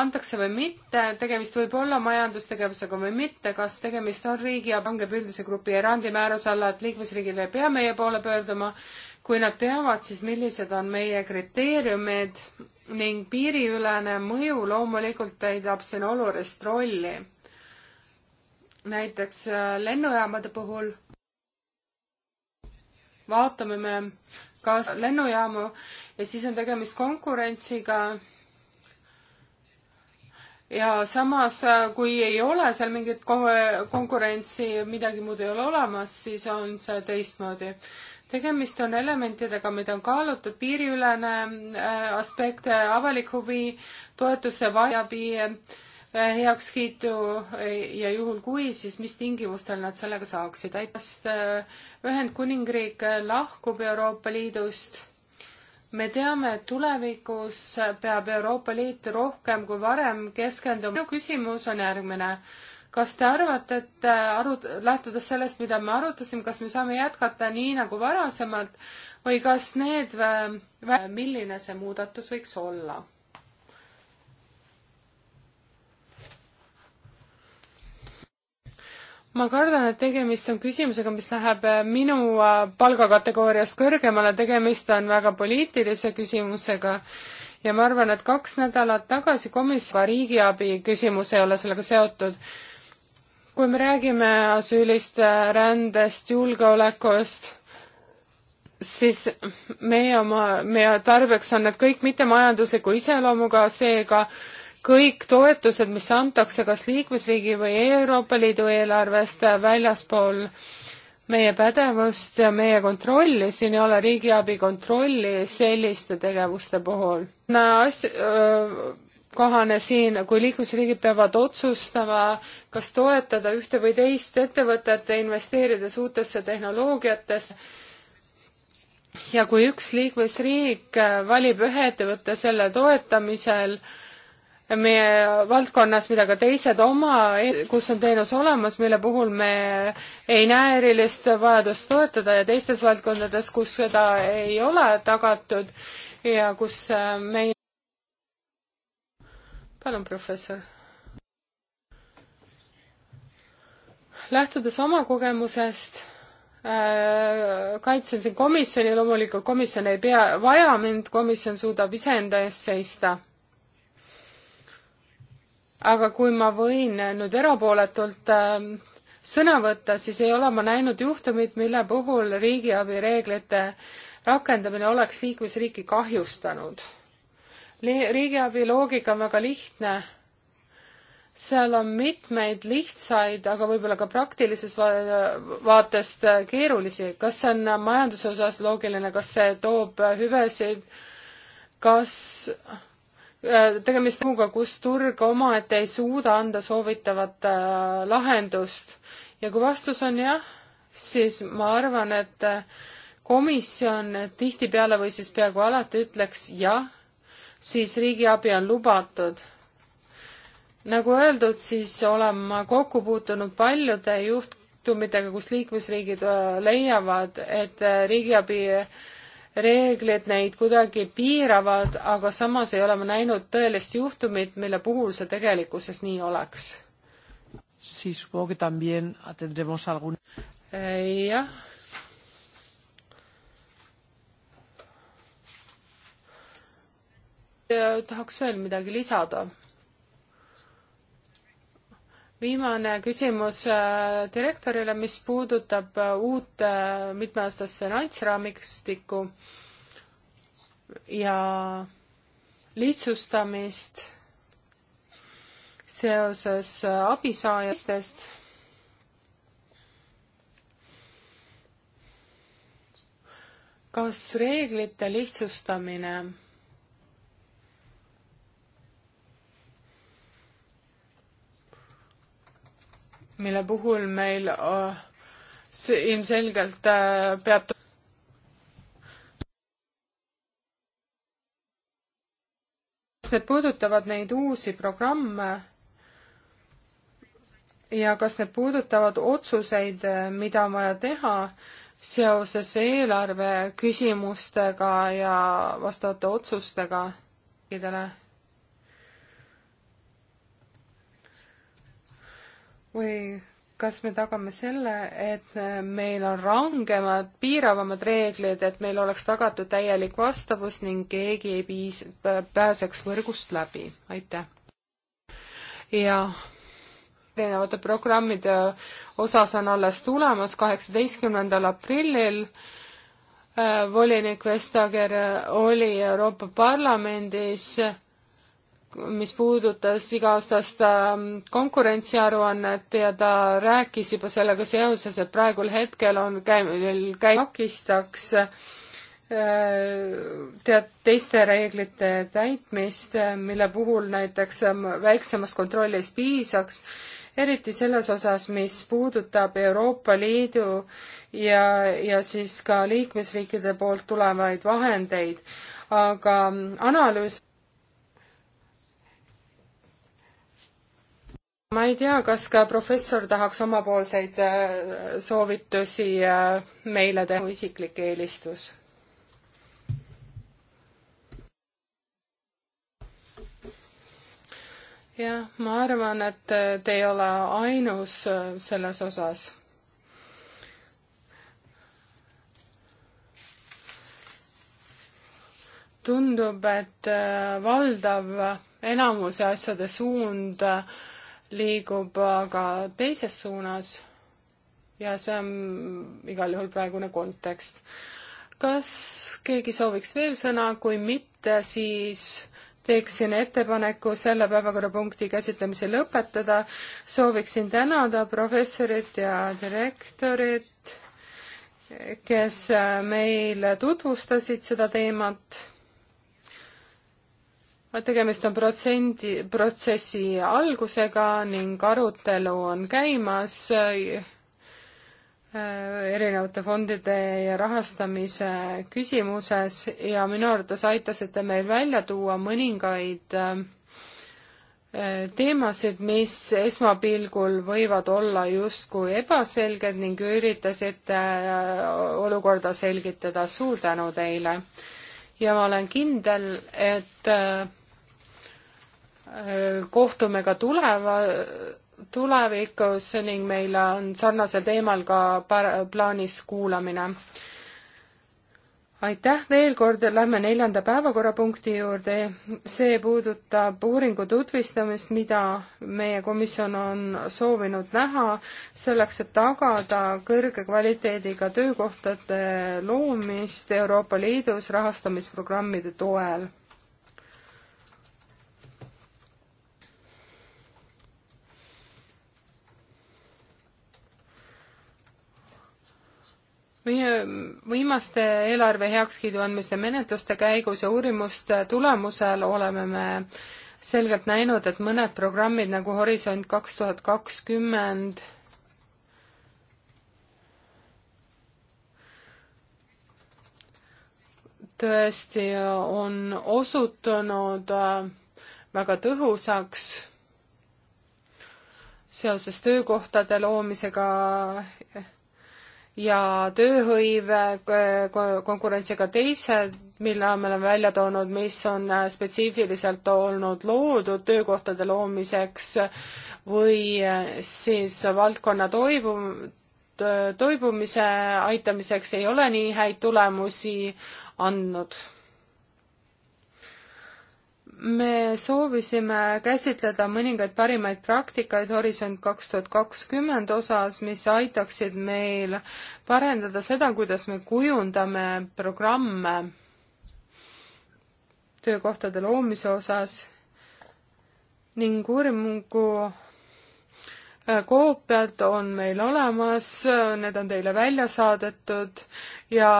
antakse või mitte, tegemist võib olla majandustegevusega või mitte, kas tegemist on riigi ja langeb üldise grupi erandi määruse alla, et liikmesriigid ei pea meie poole pöörduma. kui nad peavad, siis millised on meie kriteeriumid ning piiriülene mõju loomulikult täidab siin olulist rolli. näiteks äh, lennujaamade puhul vaatame me kas lennujaamu ja siis on tegemist konkurentsiga ja samas, äh, kui ei ole seal mingit konkurentsi, midagi muud ei ole olemas, siis on see teistmoodi. tegemist on elementidega, mida on kaalutud, piiriülene äh, aspekt, äh, avalik huvi, toetuse vajabi, heakskiitu ja juhul kui, siis mis tingimustel nad sellega saaksid. aitäh, Ühendkuningriik lahkub Euroopa Liidust me teame, et tulevikus peab Euroopa Liit rohkem kui varem keskenduma. minu küsimus on järgmine. kas te arvate, et äh, arut-, lähtudes sellest, mida me arutasime, kas me saame jätkata nii nagu varasemalt või kas need, äh, milline see muudatus võiks olla? ma kardan, et tegemist on küsimusega, mis läheb äh, minu äh, palgakategooriast kõrgemale, tegemist on väga poliitilise küsimusega ja ma arvan, et kaks nädalat tagasi komisjon riigiabi küsimus ei ole sellega seotud. kui me räägime asüülist, äh, rändest, julgeolekust, siis meie oma, meie tarbeks on need kõik mittemajandusliku iseloomuga, seega kõik toetused, mis antakse kas liikmesriigi või Euroopa Liidu eelarvest väljaspool meie pädevust ja meie kontrolli, siin ei ole riigiabi kontrolli selliste tegevuste puhul. asj-, kohane siin, kui liikmesriigid peavad otsustama, kas toetada ühte või teist ettevõtet, investeerides uutesse tehnoloogiatesse, ja kui üks liikmesriik valib ühe ettevõtte selle toetamisel, meie valdkonnas, mida ka teised oma, kus on teenus olemas, mille puhul me ei näe erilist vajadust toetada ja teistes valdkondades, kus seda ei ole tagatud ja kus äh, meie palun, professor. lähtudes oma kogemusest äh, kaitsen siin komisjoni, loomulikult komisjon ei pea, vaja mind, komisjon suudab iseenda eest seista aga kui ma võin nüüd erapooletult äh, sõna võtta, siis ei ole ma näinud juhtumit, mille puhul riigiabi reeglite rakendamine oleks liikmesriiki kahjustanud. riigiabi loogika on väga lihtne seal on mitmeid lihtsaid, aga võib-olla ka praktilises vaatest äh, keerulisi. kas see on majanduse osas loogiline, kas see toob hüvesid, kas Äh, tegemist kuhuga, kus turg omaette ei suuda anda soovitavat äh, lahendust. ja kui vastus on jah, siis ma arvan, et äh, komisjon tihtipeale või siis peaaegu alati ütleks jah, siis riigiabi on lubatud. nagu öeldud, siis olen ma kokku puutunud paljude juhtumitega, kus liikmesriigid leiavad, et riigiabi äh, reeglid neid kuidagi piiravad, aga samas ei ole ma näinud tõelist juhtumit, mille puhul see tegelikkuses nii oleks. Eh, jah. tahaks veel midagi lisada viimane küsimus äh, direktorile, mis puudutab äh, uut äh, mitmeaastast finantsraamistikku ja lihtsustamist seoses abisaajatest. kas reeglite lihtsustamine mille puhul meil äh, see ilmselgelt äh, peab kas need puudutavad neid uusi programme ja kas need puudutavad otsuseid, äh, mida on vaja teha seoses eelarve küsimustega ja vastavate otsustega kõigile? või kas me tagame selle, et meil on rangemad, piiravamad reeglid, et meil oleks tagatud täielik vastavus ning keegi ei piis-, pääseks võrgust läbi, aitäh. ja erinevate programmide osas on alles tulemas kaheksateistkümnendal aprillil äh, volinik Vestager oli Euroopa Parlamendis mis puudutas iga-aastast ähm, konkurentsiaruannet ja ta rääkis juba sellega seoses, et praegul hetkel on käi-, käi-, takistaks äh, tead, teiste reeglite täitmist, äh, mille puhul näiteks ähm, väiksemast kontrollist piisaks, eriti selles osas, mis puudutab Euroopa Liidu ja, ja siis ka liikmesriikide poolt tulevaid vahendeid. aga ähm, analüüs ma ei tea, kas ka professor tahaks omapoolseid äh, soovitusi äh, meile teha, isiklik eelistus jah, ma arvan, et äh, te ei ole ainus selles osas. tundub, et valdav enamuse asjade suund liigub aga teises suunas ja see on igal juhul praegune kontekst. kas keegi sooviks veel sõna, kui mitte, siis teeksin ettepaneku selle päevakorrapunkti käsitlemise lõpetada. sooviksin tänada professorit ja direktorit, kes meile tutvustasid seda teemat tegemist on protsendi, protsessi algusega ning arutelu on käimas äh, erinevate fondide ja rahastamise küsimuses ja minu arvates aitasite meil välja tuua mõningaid äh, teemasid, mis esmapilgul võivad olla justkui ebaselged ning üritasite äh, olukorda selgitada. suur tänu teile! ja ma olen kindel, et kohtume ka tuleva, tulevikus ning meil on sarnasel teemal ka plaanis kuulamine. aitäh veel kord, lähme neljanda päevakorrapunkti juurde. see puudutab uuringu tutvustamist, mida meie komisjon on soovinud näha selleks, et tagada kõrge kvaliteediga töökohtade loomist Euroopa Liidus rahastamisprogrammide toel viimaste eelarve heakskiidu andmiste menetluste käigus ja uurimuste tulemusel oleme me selgelt näinud, et mõned programmid nagu Horisont kaks tuhat kakskümmend tõesti on osutunud äh, väga tõhusaks seoses töökohtade loomisega, ja tööhõive eh, konkurentsiga teised, mille me oleme välja toonud, mis on eh, spetsiifiliselt olnud loodud töökohtade loomiseks või eh, siis valdkonna toibu-, toibumise aitamiseks ei ole nii häid tulemusi andnud me soovisime käsitleda mõningaid parimaid praktikaid Horisont kaks tuhat kakskümmend osas, mis aitaksid meil parendada seda, kuidas me kujundame programme töökohtade loomise osas ning uuringu äh, koopiad on meil olemas, need on teile välja saadetud ja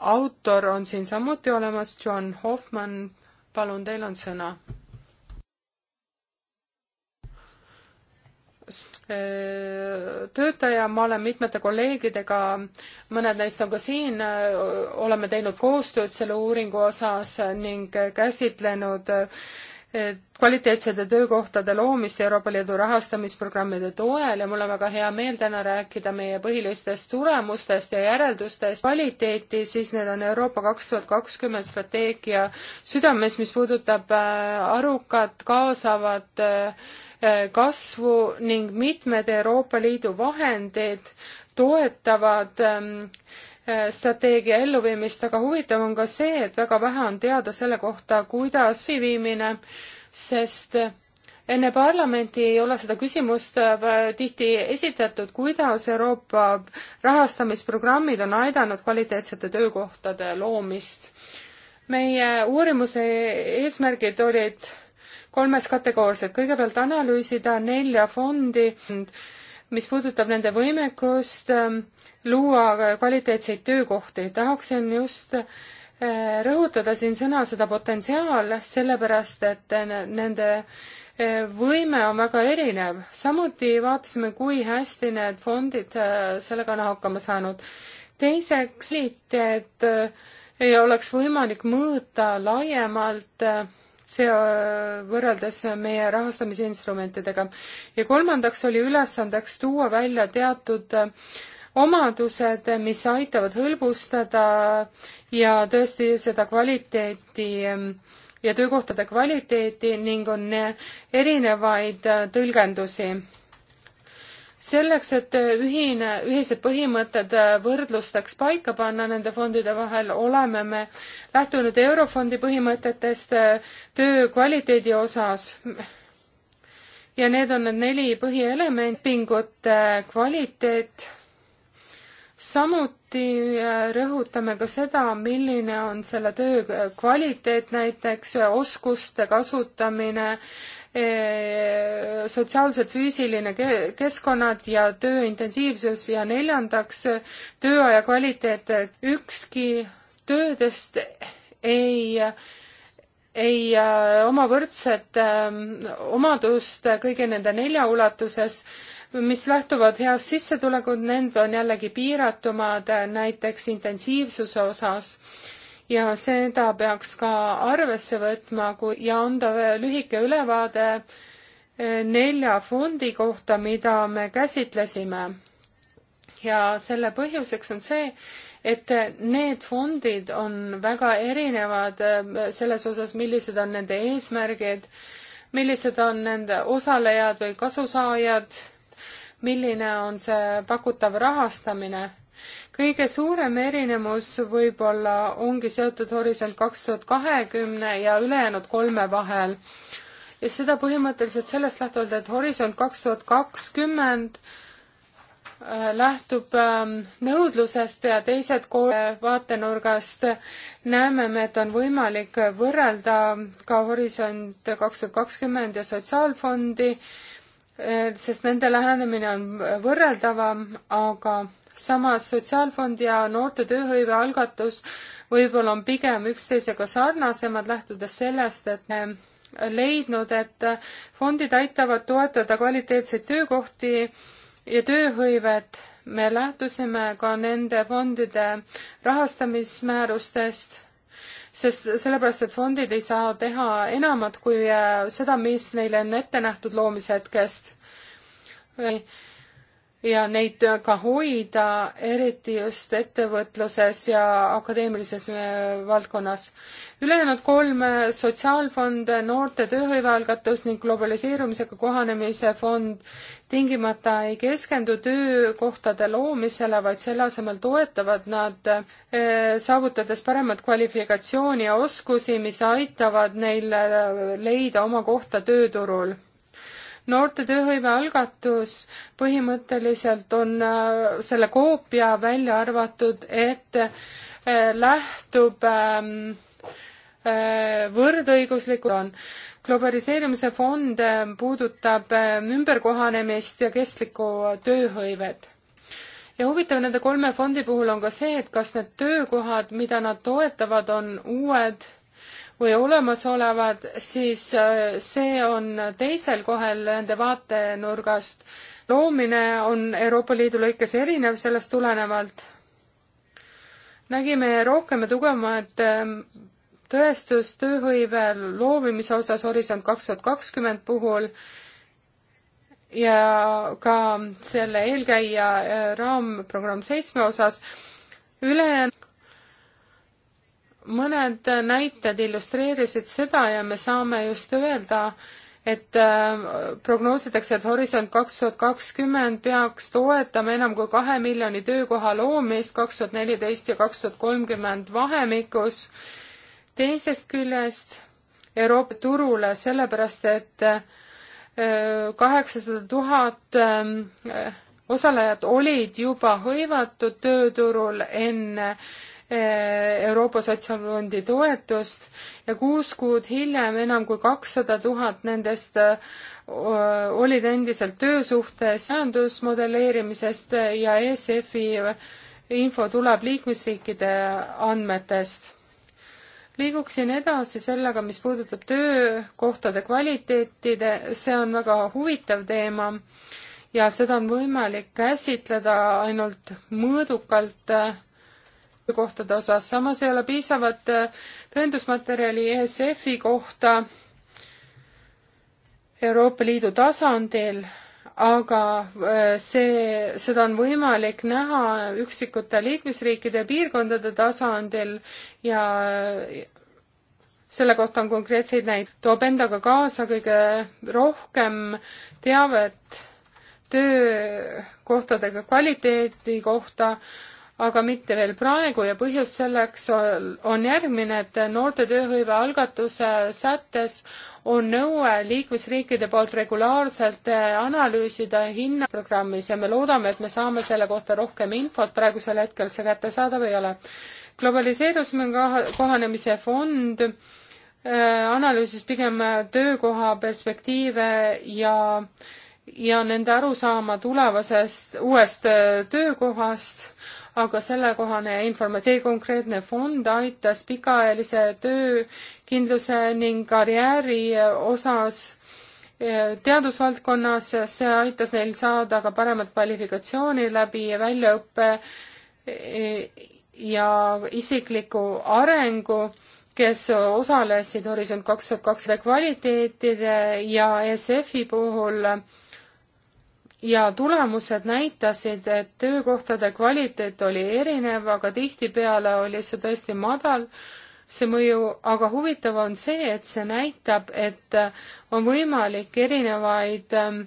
autor on siin samuti olemas, John Hoffman palun, teil on sõna. töötaja, ma olen mitmete kolleegidega, mõned neist on ka siin, oleme teinud koostööd selle uuringu osas ning käsitlenud kvaliteetsete töökohtade loomist Euroopa Liidu rahastamisprogrammide toel ja mul on väga hea meel täna rääkida meie põhilistest tulemustest ja järeldustest. kvaliteeti, siis need on Euroopa kaks tuhat kakskümmend strateegia südames, mis puudutab äh, arukat, kaasavat äh, kasvu ning mitmed Euroopa Liidu vahendid toetavad ähm, Äh, strateegia elluviimist, aga huvitav on ka see, et väga vähe on teada selle kohta, kuidas viimine, sest enne parlamenti ei ole seda küsimust äh, tihti esitatud, kuidas Euroopa rahastamisprogrammid on aidanud kvaliteetsete töökohtade loomist. meie uurimuse eesmärgid olid kolmes kategoorias, et kõigepealt analüüsida nelja fondi mis puudutab nende võimekust ähm, luua äh, kvaliteetseid töökohti. tahaksin just äh, rõhutada siin sõna seda potentsiaal, sellepärast et nende äh, võime on väga erinev. samuti vaatasime, kui hästi need fondid sellega on hakkama saanud. teiseks, et oleks võimalik mõõta laiemalt see äh, võrreldes meie rahastamisinstrumentidega. ja kolmandaks oli ülesandeks tuua välja teatud äh, omadused, mis aitavad hõlbustada ja tõesti seda kvaliteeti ähm, ja töökohtade kvaliteeti ning on äh, erinevaid tõlgendusi selleks, et äh, ühine, ühised põhimõtted äh, võrdlusteks paika panna nende fondide vahel, oleme me lähtunud Eurofondi põhimõtetest äh, töö kvaliteedi osas. ja need on need neli põhielement, pingute kvaliteet, samuti rõhutame ka seda, milline on selle töö kvaliteet, näiteks oskuste kasutamine, Eh, sotsiaalselt füüsiline keskkonnad ja töö intensiivsus ja neljandaks tööaja kvaliteet. ükski töödest ei ei äh, oma võrdset äh, omadust kõigi nende nelja ulatuses, mis lähtuvad heast sissetulekud, need on jällegi piiratumad näiteks intensiivsuse osas äh, ja seda peaks ka arvesse võtma kui, ja anda lühike ülevaade eh, nelja fondi kohta, mida me käsitlesime. ja selle põhjuseks on see, et need fondid on väga erinevad eh, selles osas, millised on nende eesmärgid, millised on nende osalejad või kasusaajad, milline on see pakutav rahastamine kõige suurem erinevus võib-olla ongi seotud Horisont kaks tuhat kahekümne ja ülejäänud kolme vahel. ja seda põhimõtteliselt sellest lähtuvalt, et Horisont kaks tuhat kakskümmend lähtub ähm, nõudlusest ja teised vaatenurgast näeme me, et on võimalik võrrelda ka Horisont kaks tuhat kakskümmend ja Sotsiaalfondi, äh, sest nende lähenemine on võrreldavam, aga samas Sotsiaalfond ja noorte tööhõive algatus võib-olla on pigem üksteisega sarnasemad, lähtudes sellest, et me leidnud, et fondid aitavad toetada kvaliteetseid töökohti ja tööhõivet. me lähtusime ka nende fondide rahastamismäärustest, sest sellepärast, et fondid ei saa teha enamat kui seda, mis neile on ette nähtud loomise hetkest ja neid ka hoida, eriti just ettevõtluses ja akadeemilises äh, valdkonnas. ülejäänud kolm, äh, Sotsiaalfond, äh, Noorte Tööhõivealgatus ning Globaliseerumisega kohanemise fond, tingimata ei keskendu töökohtade loomisele, vaid selle asemel toetavad nad, saavutades paremat kvalifikatsiooni ja oskusi, mis aitavad neil leida oma kohta tööturul noorte tööhõive algatus põhimõtteliselt on äh, selle koopia välja arvatud, et äh, lähtub ähm, äh, võrdõiguslikud on. globaliseerimise fond puudutab ümberkohanemist ja kestlikku tööhõivet ja huvitav nende kolme fondi puhul on ka see, et kas need töökohad, mida nad toetavad, on uued või olemasolevad, siis äh, see on teisel kohel nende vaatenurgast. loomine on Euroopa Liidu lõikes erinev sellest tulenevalt. nägime rohkem ja tugevamat ähm, tõestust tööhõive loomimise osas Horisont kaks tuhat kakskümmend puhul ja ka selle eelkäija äh, raamprogramm seitsme osas ülejäänud mõned näited illustreerisid seda ja me saame just öelda, et äh, prognoositakse, et Horisont kaks tuhat kakskümmend peaks toetama enam kui kahe miljoni töökoha loomist kaks tuhat neliteist ja kaks tuhat kolmkümmend vahemikus. teisest küljest Euroopa turule, sellepärast et äh, kaheksasada tuhat äh, osalejat olid juba hõivatud tööturul enne Euroopa Sotsiaalfondi toetust ja kuus kuud hiljem enam kui kakssada tuhat nendest äh, olid endiselt töösuhtes majandusmodelleerimisest ja ESF-i info tuleb liikmesriikide andmetest. liiguksin edasi sellega, mis puudutab töökohtade kvaliteeti, see on väga huvitav teema ja seda on võimalik käsitleda ainult mõõdukalt äh, kohtade osas, samas ei ole piisavat äh, tõendusmaterjali ESF-i kohta Euroopa Liidu tasandil, aga äh, see, seda on võimalik näha üksikute liikmesriikide ja piirkondade tasandil ja äh, selle kohta on konkreetseid näiteid, toob endaga kaasa kõige rohkem teavet töökohtadega kvaliteedi kohta, aga mitte veel praegu ja põhjus selleks on järgmine, et noorte tööhõive algatuse sättes on nõue liikmesriikide poolt regulaarselt eh, analüüsida hinnaprogrammis ja me loodame, et me saame selle kohta rohkem infot, praegusel hetkel see kättesaadav ei ole. globaliseerumisega kohanemise fond eh, analüüsis pigem töökoha perspektiive ja ja nende arusaama tulevasest uuest eh, töökohast, aga sellekohane informatsioon, konkreetne fond aitas pikaajalise töökindluse ning karjääri osas eh, teadusvaldkonnas, see aitas neil saada ka paremat kvalifikatsiooni läbi väljaõppe eh, ja isikliku arengu, kes osalesid Horisont kaks tuhat kakssada kvaliteetide ja ESF-i puhul ja tulemused näitasid, et töökohtade kvaliteet oli erinev, aga tihtipeale oli see tõesti madal, see mõju, aga huvitav on see, et see näitab, et on võimalik erinevaid ähm,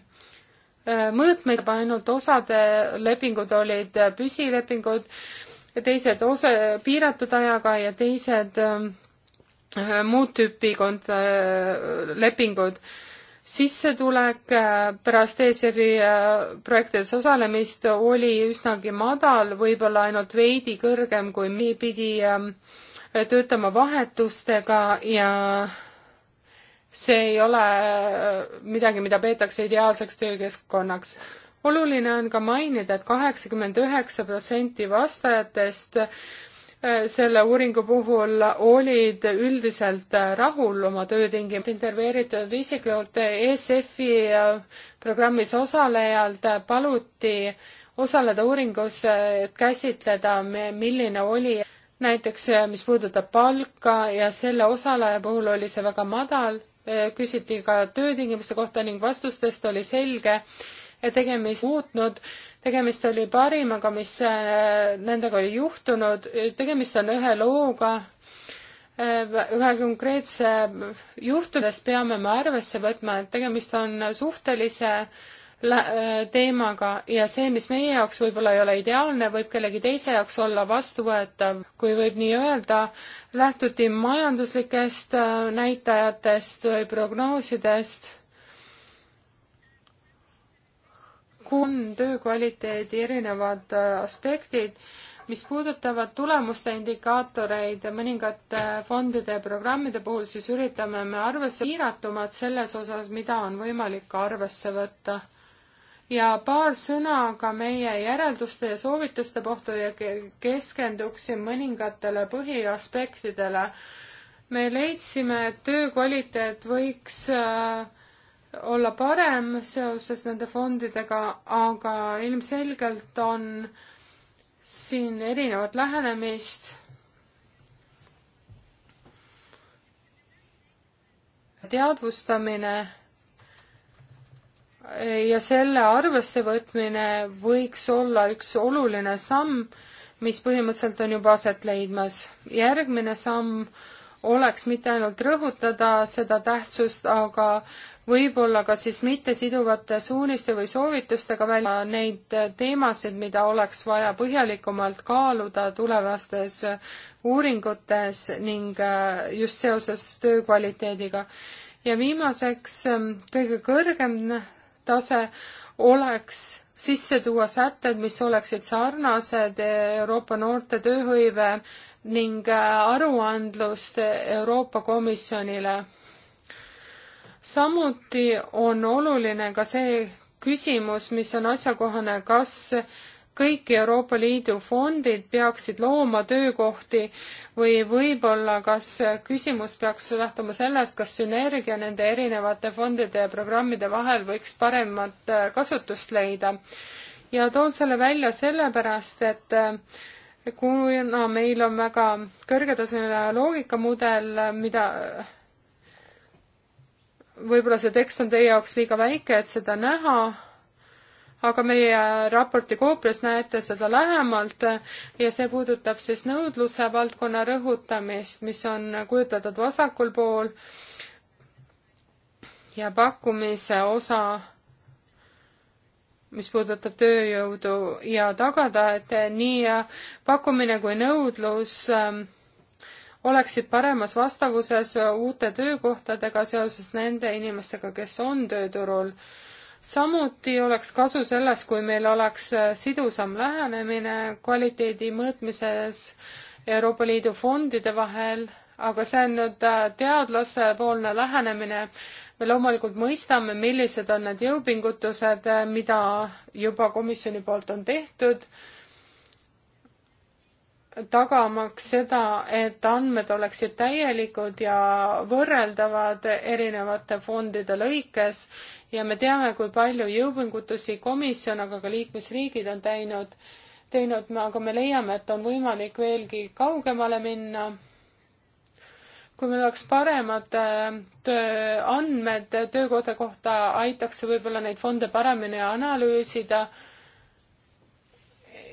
äh, mõõtmeid, ainult osad lepingud olid püsilepingud, teised osa, piiratud ajaga ja teised ähm, äh, muud tüüpi kont-, äh, lepingud sissetulek äh, pärast ESF-i äh, projektides osalemist oli üsnagi madal, võib-olla ainult veidi kõrgem, kui me pidi ähm, töötama vahetustega ja see ei ole äh, midagi, mida peetakse ideaalseks töökeskkonnaks. oluline on ka mainida et, et kaheksakümmend üheksa protsenti vastajatest Eh, selle uuringu puhul olid üldiselt eh, rahul oma töötingimused. intervjueeritud isiklikult ESF-i eh, e programmis osalejalt paluti osaleda uuringus, et käsitleda, milline oli näiteks, mis puudutab palka ja selle osaleja puhul oli see väga madal, küsiti ka töötingimuste kohta ning vastustest oli selge, tegemist muutnud, tegemist oli parimaga, mis äh, nendega oli juhtunud, tegemist on ühe looga, äh, ühe konkreetse juhtudes peame me arvesse võtma, et tegemist on suhtelise äh, teemaga ja see, mis meie jaoks võib-olla ei ole ideaalne, võib kellegi teise jaoks olla vastuvõetav. kui võib nii öelda, lähtuti majanduslikest näitajatest või prognoosidest on töökvaliteedi erinevad äh, aspektid, mis puudutavad tulemuste indikaatoreid mõningate äh, fondide ja programmide puhul, siis üritame me arvesse piiratumad selles osas, mida on võimalik arvesse võtta. ja paar sõna ka meie järelduste ja soovituste kohta ja keskenduksin mõningatele põhiaspektidele. me leidsime, et töö kvaliteet võiks äh, olla parem seoses nende fondidega, aga ilmselgelt on siin erinevat lähenemist. teadvustamine ja selle arvesse võtmine võiks olla üks oluline samm, mis põhimõtteliselt on juba aset leidmas. järgmine samm oleks mitte ainult rõhutada seda tähtsust, aga võib-olla ka siis mittesiduvate suuniste või soovitustega välja neid teemasid, mida oleks vaja põhjalikumalt kaaluda tulevastes uuringutes ning äh, just seoses töö kvaliteediga. ja viimaseks, ähm, kõige kõrgem tase oleks sisse tuua sätted, mis oleksid sarnased Euroopa noorte tööhõive ning äh, aruandlust Euroopa Komisjonile samuti on oluline ka see küsimus, mis on asjakohane, kas kõik Euroopa Liidu fondid peaksid looma töökohti või võib-olla kas küsimus peaks lähtuma sellest, kas sünergia nende erinevate fondide ja programmide vahel võiks paremat äh, kasutust leida. ja toon selle välja sellepärast, et äh, kuna meil on väga kõrgetasemeline loogikamudel, mida võib-olla see tekst on teie jaoks liiga väike, et seda näha, aga meie raporti koopias näete seda lähemalt ja see puudutab siis nõudluse valdkonna rõhutamist, mis on kujutatud vasakul pool ja pakkumise osa, mis puudutab tööjõudu ja tagada, et nii pakkumine kui nõudlus äh, oleksid paremas vastavuses uute töökohtadega seoses nende inimestega, kes on tööturul. samuti oleks kasu selles, kui meil oleks sidusam lähenemine kvaliteedi mõõtmises Euroopa Liidu fondide vahel, aga see on nüüd äh, teadlasepoolne lähenemine. me loomulikult mõistame, millised on need jõupingutused, äh, mida juba komisjoni poolt on tehtud tagamaks seda, et andmed oleksid täielikud ja võrreldavad erinevate fondide lõikes ja me teame, kui palju jõupingutusi komisjon, aga ka liikmesriigid on teinud, teinud, aga me leiame, et on võimalik veelgi kaugemale minna kui meil oleks paremad töö, äh, andmed töökohta kohta, aitaks see võib-olla neid fonde paremini analüüsida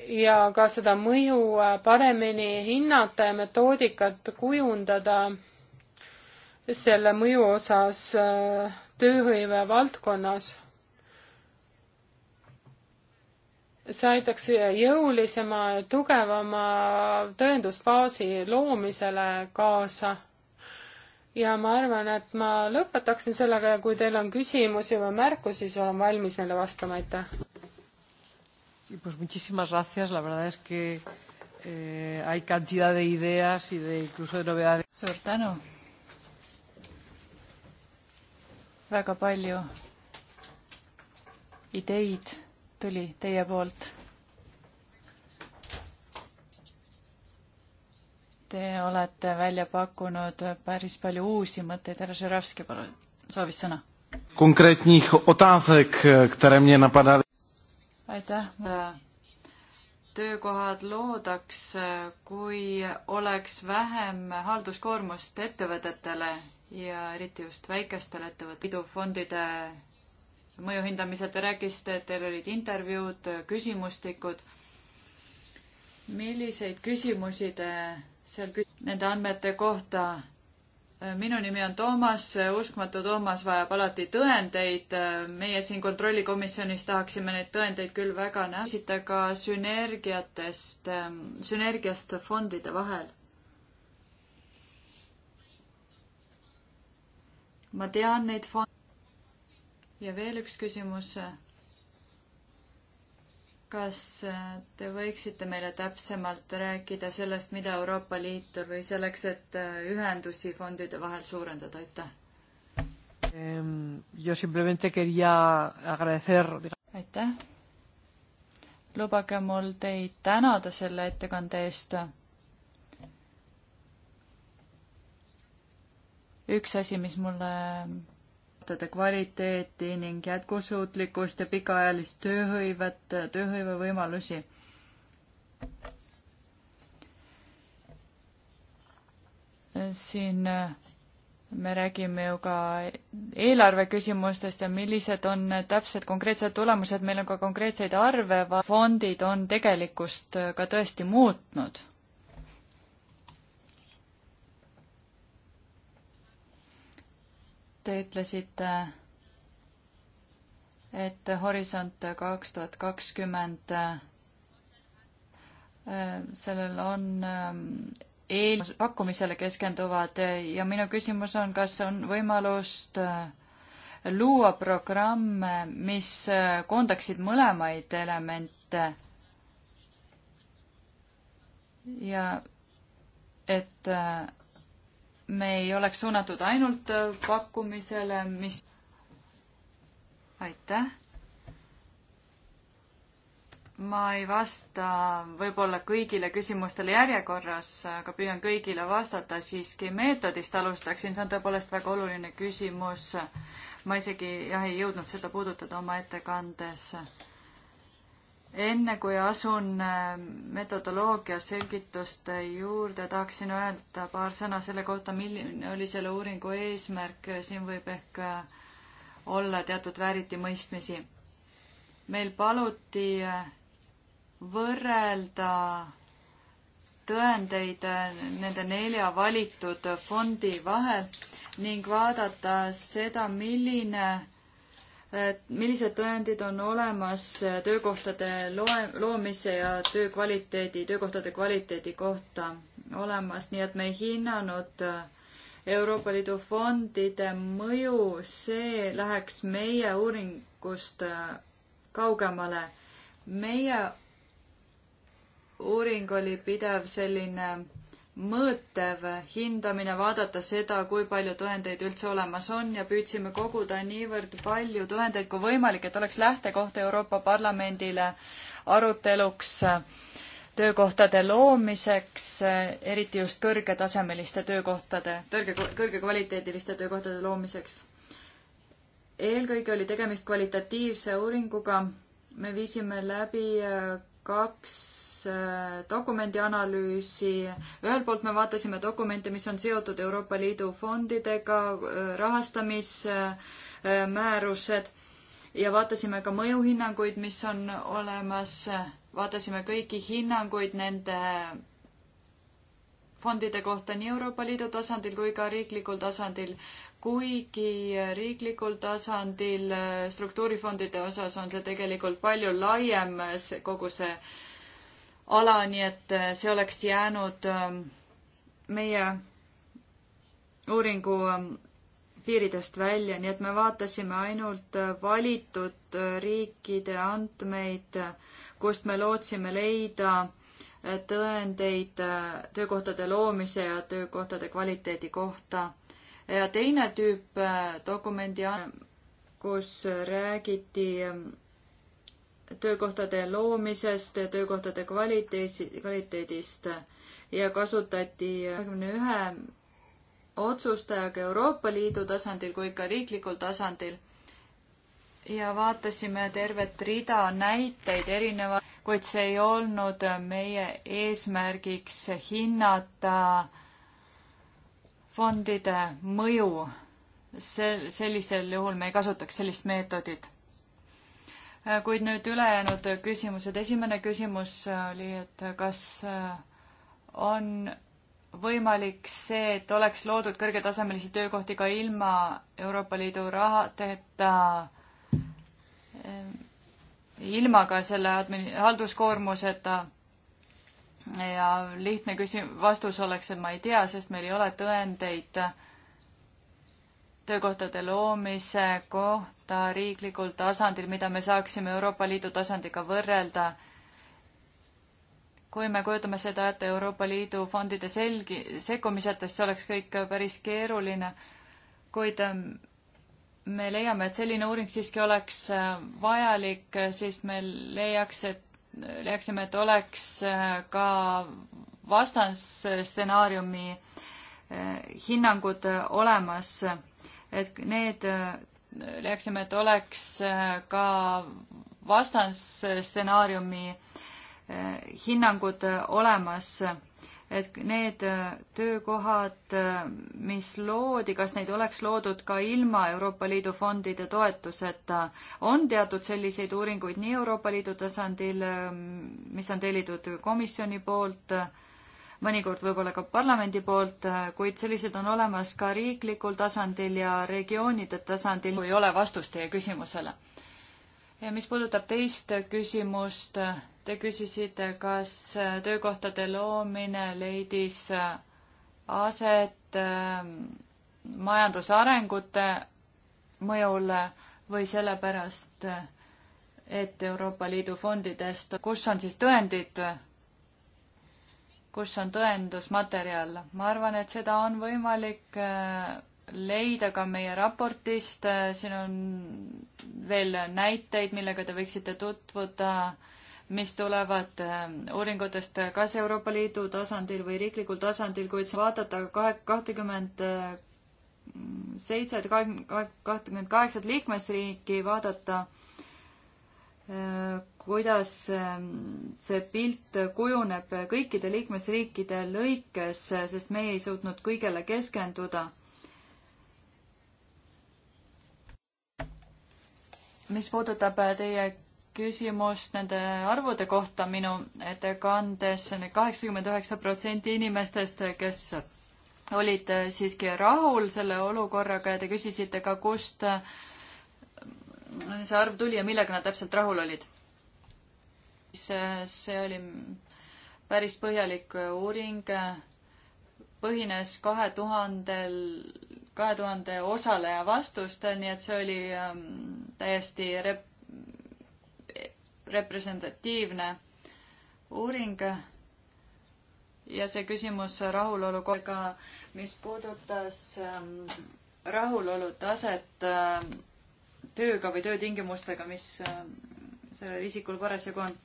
ja ka seda mõju äh, paremini hinnata ja metoodikat kujundada selle mõju osas äh, tööhõive valdkonnas. see aitaks jõulisema ja tugevama tõendusbaasi loomisele kaasa. ja ma arvan, et ma lõpetaksin sellega ja kui teil on küsimusi või märkusi, siis olen valmis neile vastama, aitäh! Sí, pues muchísimas gracias. La verdad es que eh, hay cantidad de ideas y de incluso de novedades. suur tänu. väga palju ideid tuli teie poolt. Te olete välja pakkunud päris palju uusi mõtteid, härra Žeravski, palun, soovis sõna. konkreetnih otázek, které mě napadaly aitäh. töökohad loodaks, kui oleks vähem halduskoormust ettevõtetele ja eriti just väikestele ettevõtetele. idufondide mõju hindamisel te rääkisite, et teil olid intervjuud, küsimustikud. milliseid küsimusi te seal küs-, nende andmete kohta minu nimi on Toomas, uskmatu Toomas vajab alati tõendeid. meie siin kontrollikomisjonis tahaksime neid tõendeid küll väga näha. küsite ka sünergiatest, sünergiast fondide vahel. ma tean neid fond- ja veel üks küsimus kas äh, te võiksite meile täpsemalt rääkida sellest, mida Euroopa Liit või selleks, et äh, ühendusi fondide vahel suurendada, aitäh? aitäh. lubage mul teid tänada selle ettekande eest. üks asi, mis mulle töökohtade kvaliteeti ning jätkusuutlikkust ja pikaajalist tööhõivet, tööhõivevõimalusi. siin me räägime ju ka eelarve küsimustest ja millised on täpsed konkreetsed tulemused, meil on ka konkreetseid arve, fondid on tegelikkust ka tõesti muutnud Te ütlesite, et Horisont kaks tuhat kakskümmend, äh, sellel on ähm, eel-, pakkumisele keskenduvad ja minu küsimus on, kas on võimalust äh, luua programme, mis äh, koondaksid mõlemaid elemente ja et äh, me ei oleks suunatud ainult pakkumisele, mis aitäh. ma ei vasta võib-olla kõigile küsimustele järjekorras, aga püüan kõigile vastata siiski. meetodist alustaksin, see on tõepoolest väga oluline küsimus. ma isegi jah, ei jõudnud seda puudutada oma ettekandes enne kui asun äh, metodoloogia selgituste juurde, tahaksin öelda paar sõna selle kohta, milline oli selle uuringu eesmärk, siin võib ehk äh, olla teatud vääritimõistmisi. meil paluti äh, võrrelda tõendeid nende nelja valitud fondi vahel ning vaadata seda, milline millised tõendid on olemas töökohtade loe, loomise ja töö kvaliteedi, töökohtade kvaliteedi kohta olemas, nii et me ei hinnanud äh, Euroopa Liidu fondide mõju, see läheks meie uuringust äh, kaugemale. meie uuring oli pidev selline mõõtev hindamine, vaadata seda, kui palju tõendeid üldse olemas on ja püüdsime koguda niivõrd palju tõendeid kui võimalik, et oleks lähtekoht Euroopa Parlamendile aruteluks töökohtade loomiseks, eriti just kõrgetasemeliste töökohtade, kõrge, kõrgekvaliteediliste töökohtade loomiseks. eelkõige oli tegemist kvalitatiivse uuringuga, me viisime läbi kaks dokumendi analüüsi. ühelt poolt me vaatasime dokumente, mis on seotud Euroopa Liidu fondidega, rahastamismäärused ja vaatasime ka mõjuhinnanguid, mis on olemas. vaatasime kõiki hinnanguid nende fondide kohta nii Euroopa Liidu tasandil kui ka riiklikul tasandil kuigi riiklikul tasandil struktuurifondide osas on see tegelikult palju laiem, kogu see ala, nii et äh, see oleks jäänud ähm, meie uuringu ähm, piiridest välja, nii et me vaatasime ainult äh, valitud äh, riikide andmeid, kust me lootsime leida tõendeid töökohtade loomise ja töökohtade kvaliteedi kohta. ja teine tüüp dokumendi, kus räägiti ähm, töökohtade loomisest, töökohtade kvaliteedi, kvaliteedist ja kasutati kahekümne ühe otsustajaga Euroopa Liidu tasandil kui ka riiklikul tasandil. ja vaatasime tervet rida näiteid erineva, kuid see ei olnud meie eesmärgiks hinnata fondide mõju. sel, sellisel juhul me ei kasutaks sellist meetodit Äh, kuid nüüd ülejäänud küsimused. esimene küsimus oli, et kas äh, on võimalik see, et oleks loodud kõrgetasemelisi töökohti ka ilma Euroopa Liidu rahadeta, äh, ilma ka selle admin-, halduskoormuseta ja lihtne küsi-, vastus oleks, et ma ei tea, sest meil ei ole tõendeid äh, töökohtade loomise kohta riiklikul tasandil, mida me saaksime Euroopa Liidu tasandiga võrrelda. kui me kujutame seda ette Euroopa Liidu fondide selgi, sekkumisetest, see oleks kõik päris keeruline, kuid ähm, me leiame, et selline uuring siiski oleks äh, vajalik, äh, siis me leiaks, et, leiaksime, et oleks äh, ka vastasstsenaariumi hinnangud olemas et need äh, leiaksime, et oleks äh, ka vastasstsenaariumi äh, hinnangud olemas, et need töökohad, mis loodi, kas neid oleks loodud ka ilma Euroopa Liidu fondide toetuseta, on teatud selliseid uuringuid nii Euroopa Liidu tasandil, mis on tellitud komisjoni poolt, mõnikord võib-olla ka parlamendi poolt, äh, kuid sellised on olemas ka riiklikul tasandil ja regioonide tasandil, kui ei ole vastust teie küsimusele. ja mis puudutab teist küsimust, te küsisite, kas äh, töökohtade loomine leidis äh, aset ähm, majandusarengute mõjul või sellepärast, et Euroopa Liidu fondidest, kus on siis tõendid kus on tõendusmaterjal. ma arvan, et seda on võimalik äh, leida ka meie raportist, äh, siin on veel näiteid, millega te võiksite tutvuda, mis tulevad äh, uuringutest kas Euroopa Liidu tasandil või riiklikul tasandil, kuid vaadata kahe, kahtekümmend seitset, kahtekümmend kaheksat liikmesriiki, vaadata äh, kuidas ähm, see pilt kujuneb kõikide liikmesriikide lõikes, sest meie ei suutnud kõigele keskenduda. mis puudutab äh, teie küsimust nende arvude kohta minu ettekandes, kaheksakümmend üheksa protsenti inimestest, kes olid äh, siiski rahul selle olukorraga ja te küsisite ka, kust äh, see arv tuli ja millega nad täpselt rahul olid. siis äh, see oli päris põhjalik äh, uuring, äh, põhines kahe tuhandel, kahe tuhande osaleja vastustel, nii et see oli ähm, täiesti rep-, representatiivne uuring ja see küsimus rahuloluga, mis puudutas ähm, rahulolu taset ähm, tööga või töötingimustega, mis äh, sellel isikul parasjagu on.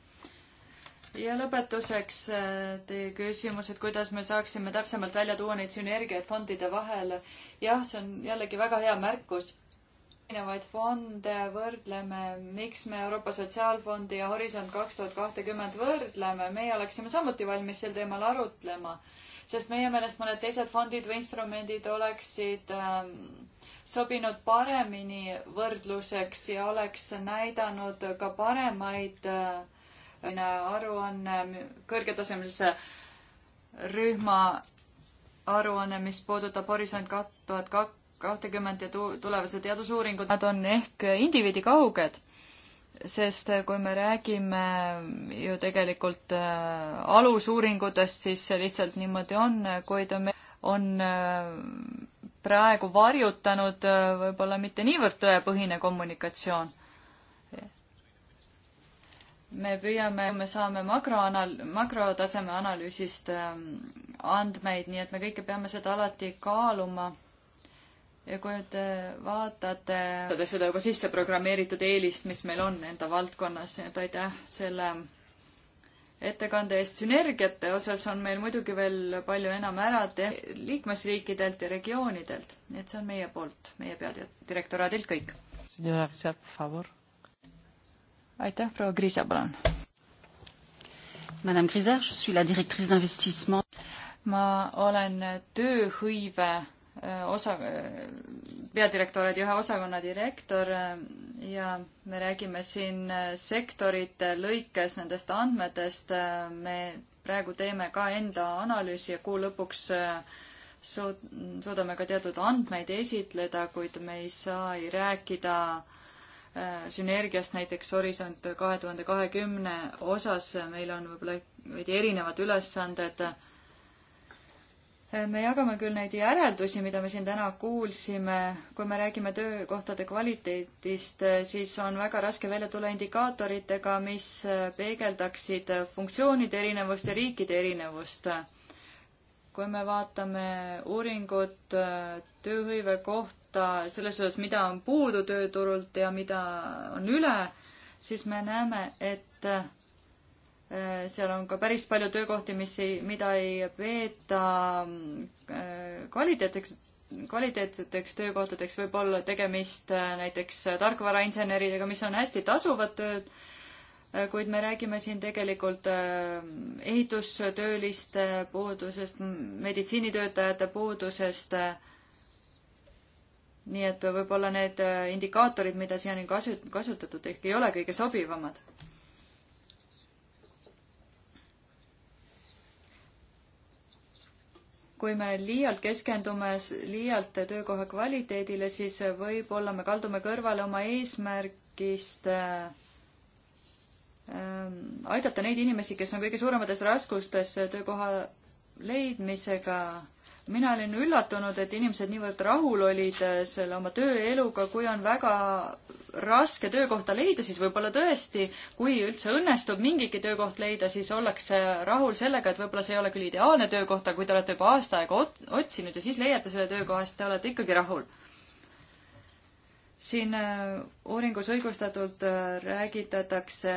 ja lõpetuseks äh, teie küsimus, et kuidas me saaksime täpsemalt välja tuua neid sünergiaid fondide vahel. jah, see on jällegi väga hea märkus. erinevaid fonde võrdleme, miks me Euroopa Sotsiaalfondi ja Horisont kaks tuhat kahtekümmend võrdleme, meie oleksime samuti valmis sel teemal arutlema, sest meie meelest mõned teised fondid või instrumendid oleksid ähm, sobinud paremini võrdluseks ja oleks näidanud ka paremaid äh, aruanne, kõrgetasemelise rühma aruanne, mis puudutab Horisont kaks tuhat kaks kahtekümmend ja tulevase teadusuuringud, nad on ehk indiviidi kauged. sest kui me räägime ju tegelikult äh, alusuuringutest, siis see lihtsalt niimoodi on, kuid on, on äh, praegu varjutanud äh, võib-olla mitte niivõrd tõepõhine kommunikatsioon. me püüame, me saame makroanal-, makrotaseme analüüsist ähm, andmeid, nii et me kõike peame seda alati kaaluma. ja kui te äh, vaatate seda juba sisse programmeeritud eelist, mis meil on enda valdkonnas, et aitäh selle ettekande eest. sünergiate osas on meil muidugi veel palju enam ära teha liikmesriikidelt ja regioonidelt, et see on meie poolt, meie peadirektoraadilt kõik. aitäh, proua Kriisa, palun. Madame Grisard, je suis la directrice d'investissement. ma olen tööhõive osa, peadirektoraadi ühe osakonna direktor ja me räägime siin sektorite lõikes nendest andmetest. me praegu teeme ka enda analüüsi ja kuu lõpuks äh, suud-, suudame ka teatud andmeid esitleda, kuid me ei saa ei rääkida äh, sünergiast näiteks Horisont kahe tuhande kahekümne osas, meil on võib-olla veidi erinevad ülesanded me jagame küll neid järeldusi, mida me siin täna kuulsime, kui me räägime töökohtade kvaliteedist, siis on väga raske välja tulla indikaatoritega, mis peegeldaksid funktsioonide erinevust ja riikide erinevust. kui me vaatame uuringut äh, tööhõive kohta selles osas, mida on puudu tööturult ja mida on üle, siis me näeme, et Äh, seal on ka päris palju töökohti, mis ei, mida ei peeta äh, kvaliteetseks, kvaliteetseteks töökohtadeks, võib olla tegemist äh, näiteks tarkvarainseneridega, mis on hästi tasuvad tööd, kuid me räägime siin tegelikult ehitustööliste puudusest, meditsiinitöötajate puudusest nii et võib-olla need indikaatorid, mida siiani kasu-, kasutatud, ehk ei ole kõige sobivamad. kui me liialt keskendume liialt töökoha kvaliteedile, siis võib-olla me kaldume kõrvale oma eesmärgist äh, ähm, aidata neid inimesi, kes on kõige suuremates raskustes töökoha leidmisega mina olin üllatunud, et inimesed niivõrd rahul olid eh, selle oma tööeluga, kui on väga raske töökohta leida, siis võib-olla tõesti, kui üldse õnnestub mingigi töökoht leida, siis ollakse rahul sellega, et võib-olla see ei ole küll ideaalne töökoht, aga kui te olete juba aasta aega otsinud ja siis leiate selle töökoha, siis te olete ikkagi rahul. siin eh, uuringus õigustatult eh, räägitatakse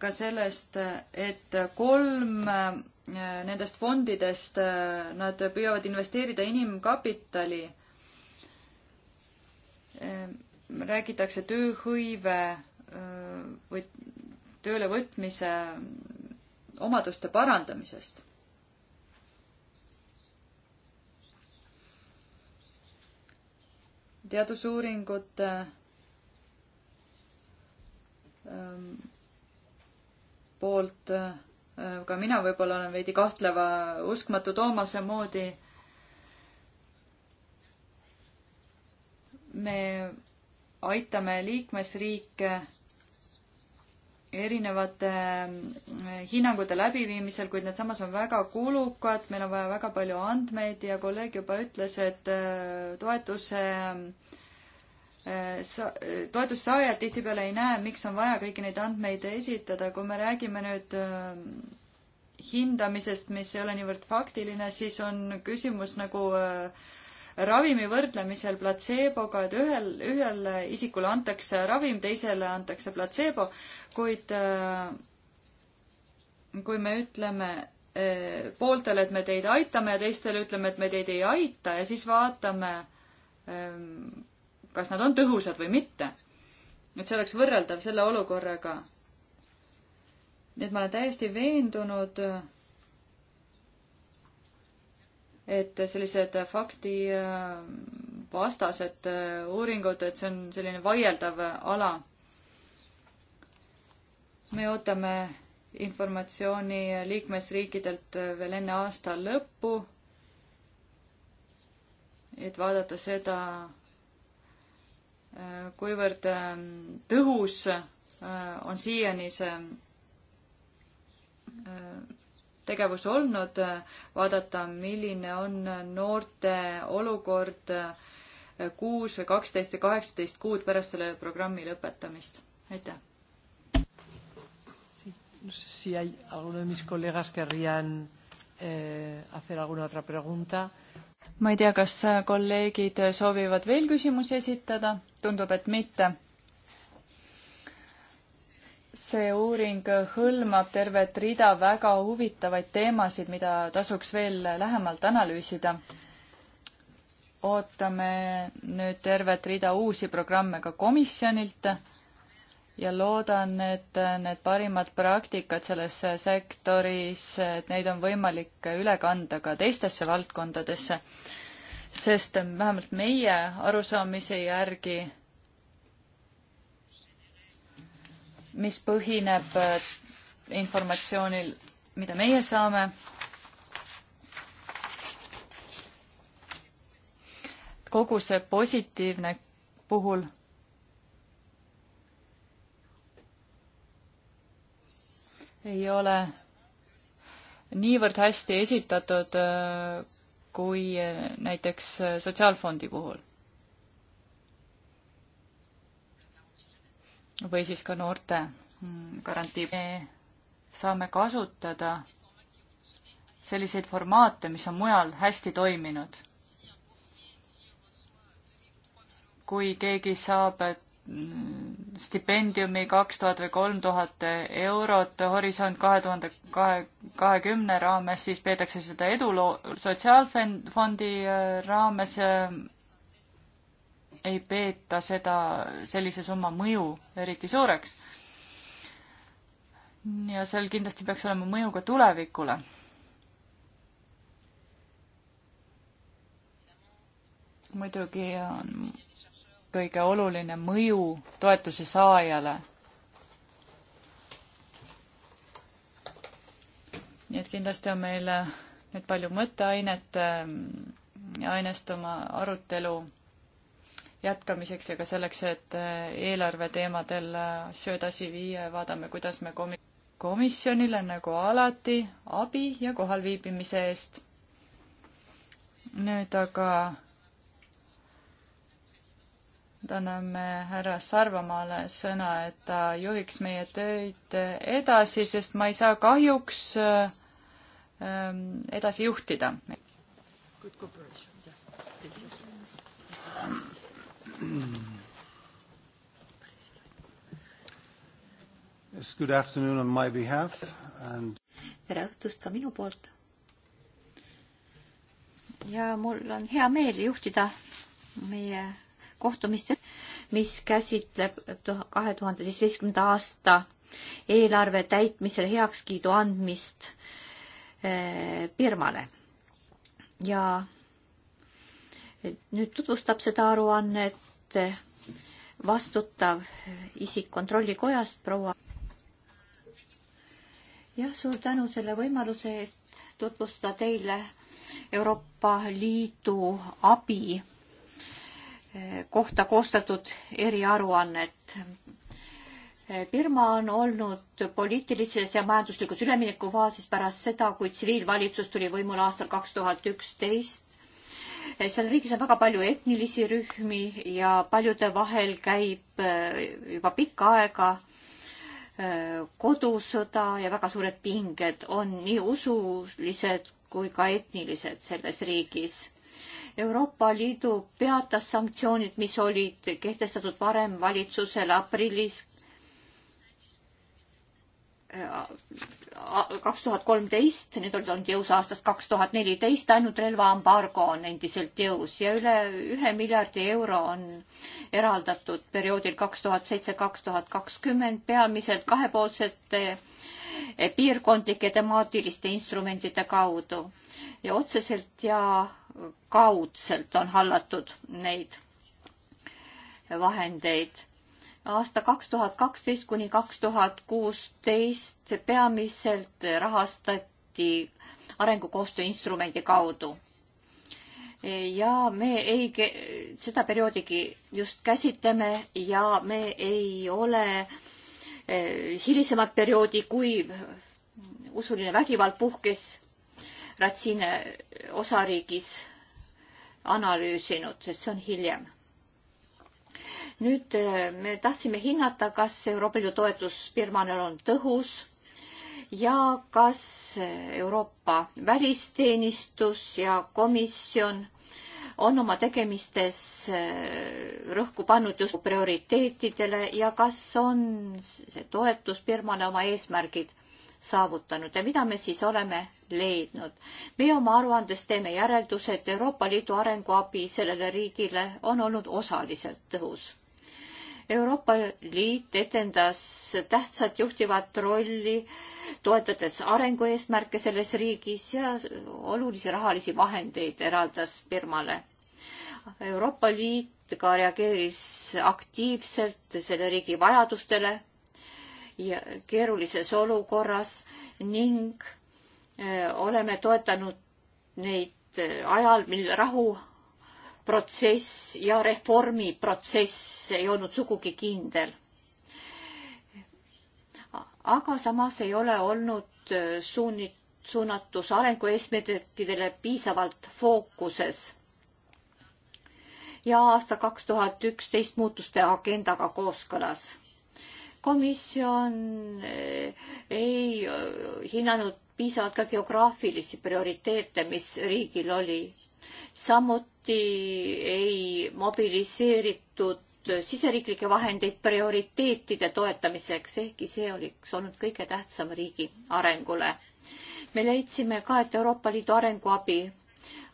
ka sellest, et kolm nendest fondidest, nad püüavad investeerida inimkapitali. räägitakse tööhõive või töölevõtmise omaduste parandamisest. teadusuuringute ähm, poolt äh, ka mina võib-olla olen veidi kahtleva uskmatu Toomase moodi. me aitame liikmesriike erinevate mm, hinnangute läbiviimisel, kuid need samas on väga kulukad, meil on vaja väga palju andmeid ja kolleeg juba ütles, et äh, toetuse äh, Äh, sa-, äh, toetussaajad tihtipeale ei näe, miks on vaja kõiki neid andmeid esitada, kui me räägime nüüd ähm, hindamisest, mis ei ole niivõrd faktiline, siis on küsimus nagu äh, ravimi võrdlemisel platseeboga, et ühel, ühele isikule antakse ravim, teisele antakse platseebo, kuid kui me ütleme pooltele, et me teid aitame ja teistele ütleme, et me teid ei aita ja siis vaatame ähm, kas nad on tõhusad või mitte. et see oleks võrreldav selle olukorraga. nii et ma olen täiesti veendunud, et sellised fakti vastased uuringud, et see on selline vaieldav ala. me ootame informatsiooni liikmesriikidelt veel enne aasta lõppu, et vaadata seda, kuivõrd ähm, tõhus äh, on siiani see äh, tegevus olnud, äh, vaadata, milline on noorte olukord kuus või kaksteist või kaheksateist kuud pärast selle programmi lõpetamist. aitäh. No sé si hay alguno de mis colegas querrían eh, hacer alguna otra pregunta. Eh, ma ei tea, kas äh, kolleegid äh, soovivad veel küsimusi esitada, tundub, et mitte. see uuring hõlmab tervet rida väga huvitavaid teemasid, mida tasuks veel lähemalt analüüsida. ootame nüüd tervet rida uusi programme ka komisjonilt ja loodan, et need parimad praktikad selles sektoris, et neid on võimalik üle kanda ka teistesse valdkondadesse, sest vähemalt meie arusaamise järgi, mis põhineb informatsioonil, mida meie saame, kogu see positiivne puhul ei ole niivõrd hästi esitatud äh, kui äh, näiteks äh, Sotsiaalfondi puhul. või siis ka noorte mm, garantii. me saame kasutada selliseid formaate, mis on mujal hästi toiminud. kui keegi saab stipendiumi kaks tuhat või kolm tuhat eurot Horisont kahe tuhande kahe, kahekümne raames, siis peetakse seda eduloo, sotsiaalfondi äh, raames äh, ei peeta seda, sellise summa mõju eriti suureks. ja seal kindlasti peaks olema mõju ka tulevikule muidugi on kõige oluline mõju toetuse saajale. nii et kindlasti on meil nüüd palju mõtteainet ähm, ja ainest oma arutelu jätkamiseks ja ka selleks, et äh, eelarve teemadel asju äh, edasi viia ja vaatame, kuidas me komi-, komisjonile nagu alati abi ja kohalviibimise eest. nüüd aga anname härra Sarvamaale sõna, et ta juhiks meie töid edasi, sest ma ei saa kahjuks ähm, edasi juhtida. Yes, good afternoon on my behalf and tere õhtust ka minu poolt. ja mul on hea meel juhtida meie kohtumistel, mis käsitleb kahe tuhande seitsmeteistkümnenda aasta eelarve täitmisele heakskiidu andmist eh, Birmale. ja nüüd tutvustab seda aruannet eh, vastutav isik Kontrollikojast, proua. jah, suur tänu selle võimaluse eest tutvustada teile Euroopa Liidu abi kohta koostatud eriaruannet. Birma on olnud poliitilises ja majanduslikus üleminekufaasis pärast seda, kui tsiviilvalitsus tuli võimule aastal kaks tuhat üksteist. seal riigis on väga palju etnilisi rühmi ja paljude vahel käib äh, juba pikka aega äh, kodusõda ja väga suured pinged on nii usulised kui ka etnilised selles riigis Euroopa Liidu peatas sanktsioonid, mis olid kehtestatud varem valitsusele aprillis äh, kaks tuhat kolmteist, need olid olnud jõus aastast kaks tuhat neliteist, ainult relvaembargo on endiselt jõus ja üle ühe miljardi euro on eraldatud perioodil kaks tuhat seitse, kaks tuhat kakskümmend peamiselt kahepoolsete äh, piirkondlike temaatiliste instrumentide kaudu ja otseselt ja kaudselt on hallatud neid vahendeid. aasta kaks tuhat kaksteist kuni kaks tuhat kuusteist peamiselt rahastati arengukoostöö instrumendi kaudu. ja me ei, seda perioodigi just käsitleme ja me ei ole eh, hilisemat perioodi, kui usuline vägivald puhkes Ratsine osariigis analüüsinud, sest see on hiljem. nüüd äh, me tahtsime hinnata, kas Euroopa Liidu toetus Birmanel on tõhus ja kas Euroopa välisteenistus ja komisjon on oma tegemistes äh, rõhku pannud just prioriteetidele ja kas on see toetus Birmale oma eesmärgid saavutanud ja mida me siis oleme leidnud. meie oma aruandes teeme järelduse, et Euroopa Liidu arenguabi sellele riigile on olnud osaliselt tõhus. Euroopa Liit etendas tähtsat juhtivat rolli, toetades arengueesmärke selles riigis ja olulisi rahalisi vahendeid eraldas Birmale. Euroopa Liit ka reageeris aktiivselt selle riigi vajadustele ja keerulises olukorras ning äh, oleme toetanud neid äh, ajal, mil rahuprotsess ja reformiprotsess ei olnud sugugi kindel. aga samas ei ole olnud äh, suunit-, suunatus arengueesmärkidele piisavalt fookuses ja aasta kaks tuhat üksteist muutuste agendaga kooskõlas komisjon eh, ei eh, hinnanud piisavalt ka geograafilisi prioriteete, mis riigil oli. samuti ei mobiliseeritud siseriiklikke vahendeid prioriteetide toetamiseks, ehkki see oleks olnud kõige tähtsam riigi arengule. me leidsime ka, et Euroopa Liidu arenguabi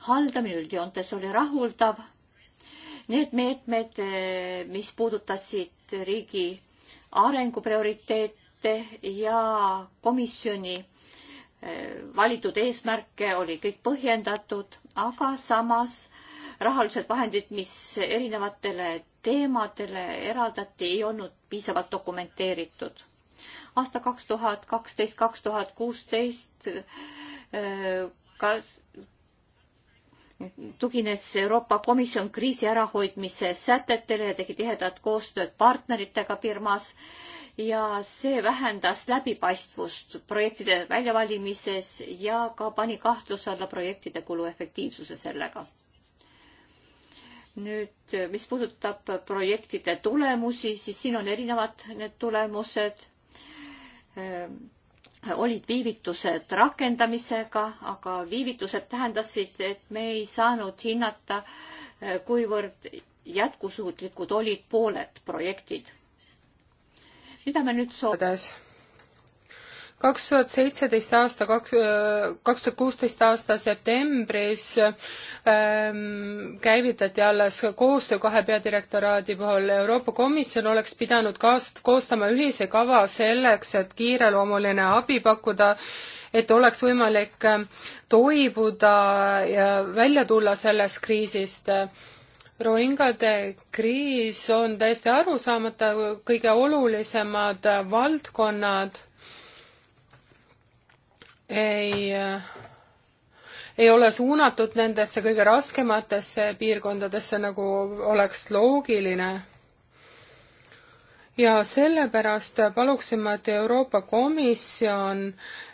haldamine üldjoontes oli rahuldav. Need meetmed, eh, mis puudutasid riigi arenguprioriteete ja komisjoni eh, valitud eesmärke oli kõik põhjendatud, aga samas rahalised vahendid, mis erinevatele teemadele eraldati, ei olnud piisavalt dokumenteeritud. aasta kaks tuhat kaksteist, kaks tuhat kuusteist eh, tugines Euroopa Komisjon kriisi ärahoidmise sätetele ja tegi tihedat koostööd partneritega firmas ja see vähendas läbipaistvust projektide väljavalimises ja ka pani kahtluse alla projektide kuluefektiivsuse sellega. nüüd, mis puudutab projektide tulemusi, siis siin on erinevad need tulemused olid viivitused rakendamisega, aga viivitused tähendasid, et me ei saanud hinnata, eh, kuivõrd jätkusuutlikud olid pooled projektid. mida me nüüd soovime? kaks tuhat seitseteist aasta, kaks, kaks tuhat kuusteist aasta septembris ähm, käivitati alles koostöö kahe peadirektoraadi puhul. Euroopa Komisjon oleks pidanud kaast-, koostama ühise kava selleks, et kiireloomuline abi pakkuda, et oleks võimalik ähm, toibuda ja välja tulla sellest kriisist Rohingade kriis on täiesti arusaamatu, kõige olulisemad valdkonnad ei, ei ole suunatud nendesse kõige raskematesse piirkondadesse, nagu oleks loogiline. ja sellepärast paluksime, et Euroopa Komisjon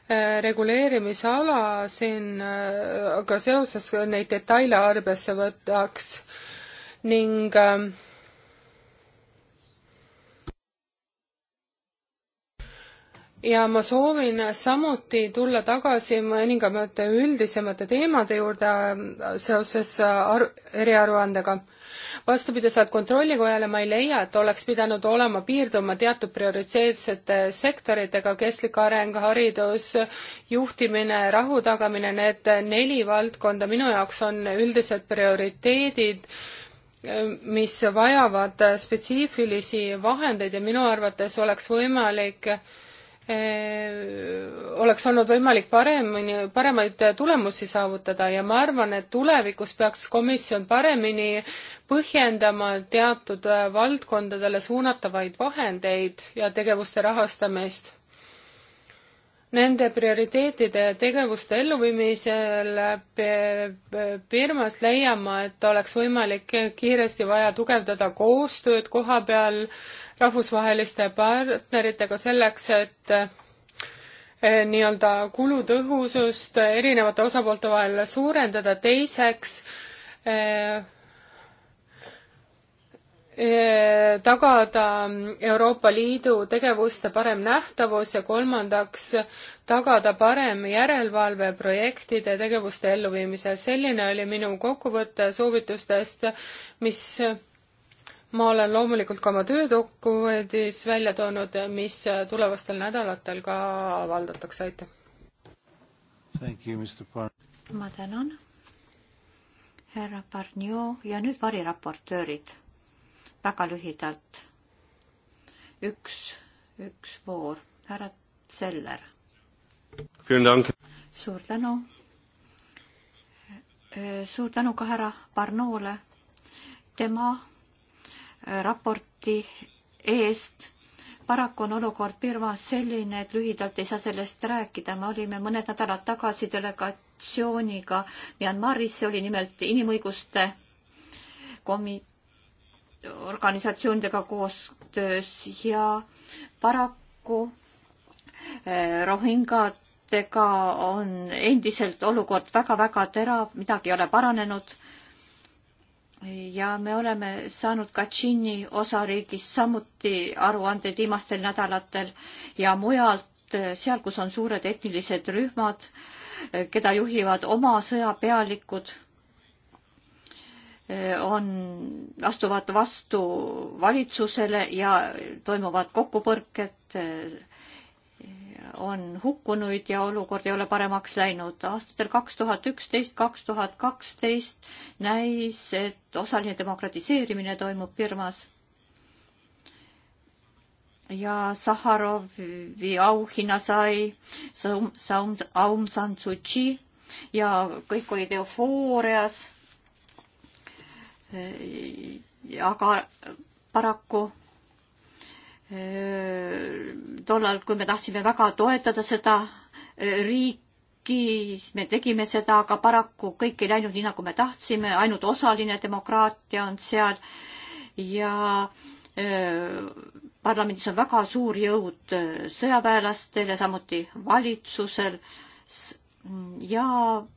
eh, reguleerimisala siin eh, ka seoses neid detaile arvesse võtaks ning äh, ja ma soovin samuti tulla tagasi mõningamate üldisemate teemade juurde äh, seoses äh, ar-, eriaruandega vastupidiselt Kontrollikojale ma ei leia, et oleks pidanud olema piirduma teatud prioriteetsete sektoritega, kestlik areng, haridus, juhtimine, rahu tagamine, need neli valdkonda minu jaoks on üldised prioriteedid, äh, mis vajavad spetsiifilisi vahendeid ja minu arvates oleks võimalik äh, Äh, oleks olnud võimalik paremini, paremaid tulemusi saavutada ja ma arvan, et tulevikus peaks komisjon paremini põhjendama teatud äh, valdkondadele suunatavaid vahendeid ja tegevuste rahastamist. Nende prioriteetide ja tegevuste elluviimisel Birmas leian ma, et oleks võimalik kiiresti vaja tugevdada koostööd koha peal äh, rahvusvaheliste partneritega selleks, et eh, nii-öelda kulutõhusust erinevate osapoolte vahel suurendada, teiseks eh, eh, tagada Euroopa Liidu tegevuste parem nähtavus ja kolmandaks tagada parem järelevalve projektide tegevuste elluviimisel. selline oli minu kokkuvõte soovitustest, mis ma olen loomulikult ka oma töödokumendis välja toonud, mis tulevastel nädalatel ka avaldatakse, aitäh. ma tänan, härra Barnio ja nüüd variraportöörid. väga lühidalt. üks, üks voor, härra Zeller. suur tänu. suur tänu ka härra Barnole. tema raporti eest. paraku on olukord Birmas selline, et lühidalt ei saa sellest rääkida. me olime mõned nädalad tagasi delegatsiooniga Myanmaris, see oli nimelt inimõiguste komi-, organisatsioonidega koostöös ja paraku eh, rohingatega on endiselt olukord väga-väga terav, midagi ei ole paranenud ja me oleme saanud Katšini osariigist samuti aruandeid viimastel nädalatel ja mujalt, seal, kus on suured etnilised rühmad, keda juhivad oma sõjapealikud, on, astuvad vastu valitsusele ja toimuvad kokkupõrked on hukkunuid ja olukord ei ole paremaks läinud. aastatel kaks tuhat üksteist, kaks tuhat kaksteist näis, et osaline demokratiseerimine toimub Birmas. ja Saharovi auhinna sai Saum, Saum, Aung San Suu Kyi ja kõik olid eufoorias. aga paraku tollal, kui me tahtsime väga toetada seda riiki, me tegime seda, aga paraku kõik ei läinud nii, nagu me tahtsime, ainult osaline demokraatia on seal ja parlamendis on väga suur jõud sõjaväelastel ja samuti valitsusel ja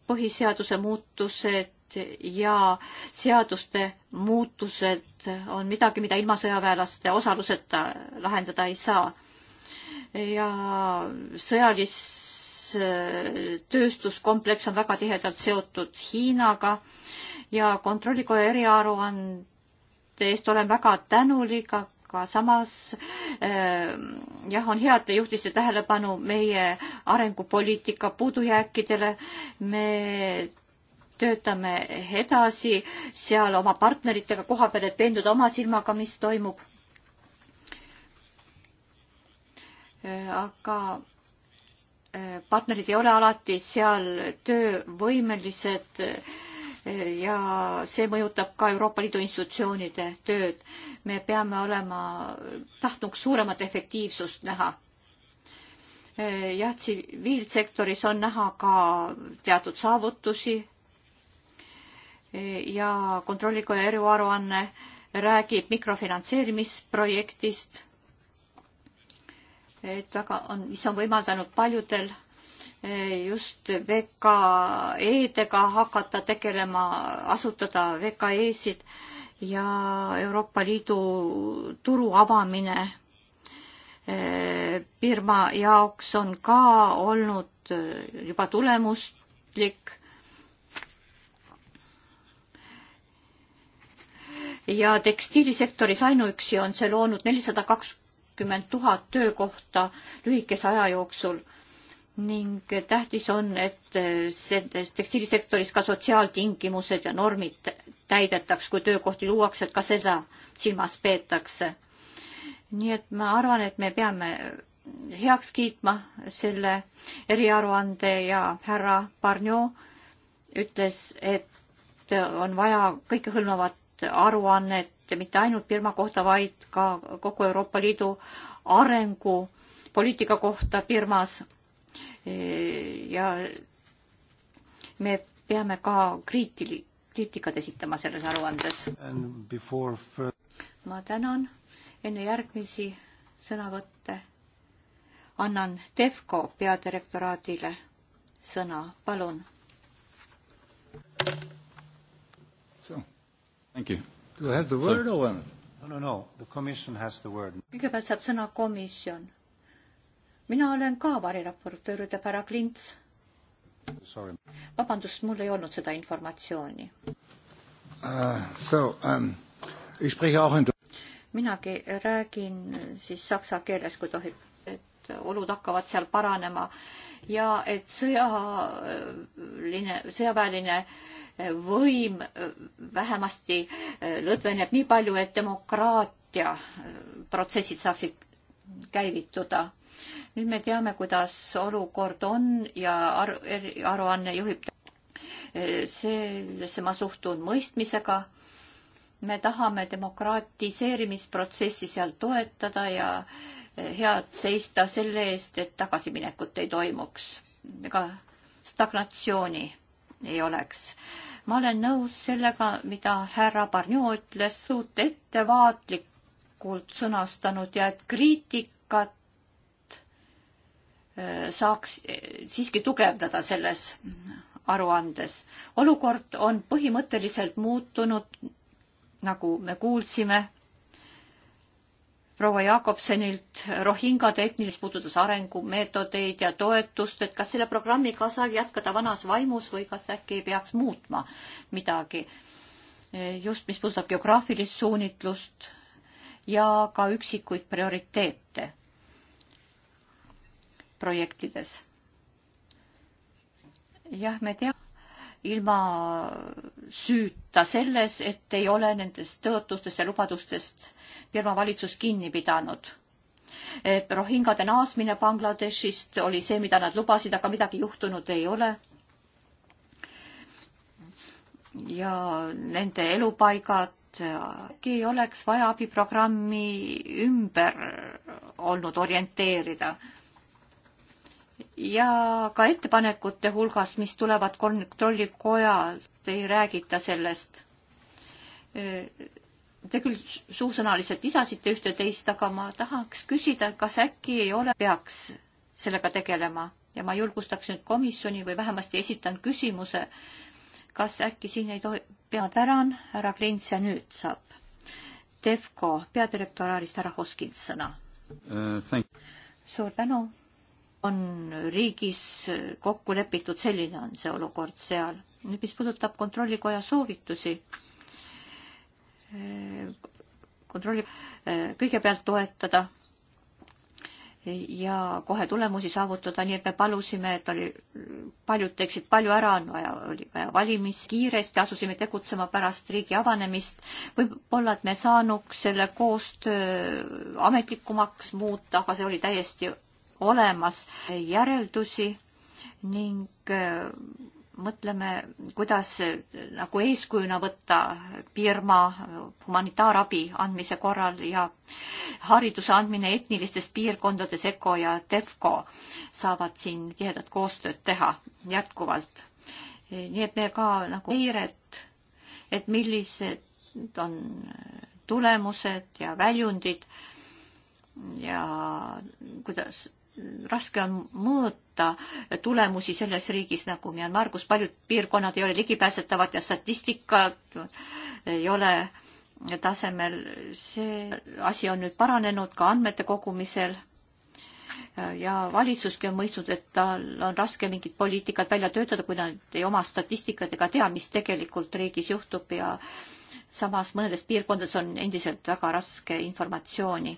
põhiseaduse muutused ja seaduste muutused on midagi, mida ilma sõjaväelaste osaluseta lahendada ei saa. ja sõjalistööstuskompleks on väga tihedalt seotud Hiinaga ja kontrollikoja eriaruande eest olen väga tänulik, aga samas äh, jah, on hea, et te juhtisite tähelepanu meie arengupoliitika puudujääkidele. me töötame edasi seal oma partneritega koha peal, et veenduda oma silmaga, mis toimub. aga eh, partnerid ei ole alati seal töövõimelised eh, ja see mõjutab ka Euroopa Liidu institutsioonide tööd. me peame olema, tahtnuks suuremat efektiivsust näha. Eh, jah, tsiviilsektoris on näha ka teatud saavutusi ja kontrollikoja eriaruanne räägib mikrofinantseerimisprojektist, et väga on, mis on võimaldanud paljudel eh, just VKE-dega hakata tegelema, asutada VKE-sid ja Euroopa Liidu turu avamine Birma eh, jaoks on ka olnud eh, juba tulemuslik ja tekstiilisektoris ainuüksi on see loonud nelisada kakskümmend tuhat töökohta lühikese aja jooksul ning tähtis on, et selles tekstiilisektoris ka sotsiaaltingimused ja normid täidetaks, kui töökohti luuakse, et ka seda silmas peetakse. nii et ma arvan, et me peame heaks kiitma selle eriaruande ja härra Barnio ütles, et on vaja kõikehõlmavat aruannet mitte ainult Birma kohta, vaid ka kogu Euroopa Liidu arengupoliitika kohta Birmas. ja me peame ka kriitili-, kriitikat esitama selles aruandes. Before... ma tänan, enne järgmisi sõnavõtte annan Defco peadirektoraadile sõna, palun. Thank you. Do you have the word or what? Um, no, no, no, the commission has the word. kõigepealt saab sõna komisjon. mina olen ka variraportööride Pära Klints. vabandust, mul ei olnud seda informatsiooni uh,. So um,, ich spreche auch in minagi räägin siis saksa keeles, kui tohib, et olud hakkavad seal paranema ja et sõjaline, sõjaväeline võim äh, vähemasti äh, lõdveneb nii palju, et demokraatia äh, protsessid saaksid käivituda. nüüd me teame, kuidas olukord on ja aru, er, aruanne juhib. sellesse ma suhtun mõistmisega. me tahame demokratiseerimisprotsessi seal toetada ja head seista selle eest, et tagasiminekut ei toimuks ega stagnatsiooni ei oleks ma olen nõus sellega, mida härra Barnio ütles, suht ettevaatlikult sõnastanud ja et kriitikat äh, saaks äh, siiski tugevdada selles aruandes. olukord on põhimõtteliselt muutunud, nagu me kuulsime proua Jakobsenilt Rohingade etnilist puudutas arengumeetodeid ja toetust, et kas selle programmiga saab jätkada vanas vaimus või kas äkki ei peaks muutma midagi. just, mis puudutab geograafilist suunitlust ja ka üksikuid prioriteete projektides. jah, me teame ilma süüta selles, et ei ole nendest tõotustest ja lubadustest Birma valitsus kinni pidanud. E, rohingade naasmine Bangladeshist oli see, mida nad lubasid, aga midagi juhtunud ei ole. ja nende elupaigad e, äkki oleks vaja abiprogrammi ümber olnud orienteerida ja ka ettepanekute hulgas, mis tulevad kontrollikojalt, ei räägita sellest. Te küll suusõnaliselt lisasite ühte-teist, aga ma tahaks küsida, kas äkki ei ole, peaks sellega tegelema ja ma julgustaks nüüd komisjoni või vähemasti esitan küsimuse, kas äkki siin ei tohi, pea tänan, härra Klints ja nüüd saab Defco peadirektor Aris Tarahoskin sõna uh,. suur tänu on riigis kokku lepitud, selline on see olukord seal. nüüd, mis puudutab Kontrollikoja soovitusi, kontrolli, kõigepealt toetada ja kohe tulemusi saavutada, nii et me palusime, et oli, paljud teeksid palju ära, on vaja, oli vaja valimisi kiiresti, asusime tegutsema pärast riigi avanemist. võib-olla, et me saanuks selle koostöö ametlikumaks muuta, aga see oli täiesti olemas järeldusi ning äh, mõtleme, kuidas äh, nagu eeskujuna võtta Birma äh, humanitaarabi andmise korral ja hariduse andmine etnilistes piirkondades, ECO ja DEFCO saavad siin tihedat koostööd teha jätkuvalt. nii et me ka nagu seiret, et millised on tulemused ja väljundid ja kuidas raske on mõõta tulemusi selles riigis nagu Myanmar, kus paljud piirkonnad ei ole ligipääsetavad ja statistika ei ole tasemel. see asi on nüüd paranenud ka andmete kogumisel ja valitsuski on mõistnud, et tal on raske mingit poliitikat välja töötada, kui nad ei oma statistikat ega tea, mis tegelikult riigis juhtub ja samas mõnedes piirkondades on endiselt väga raske informatsiooni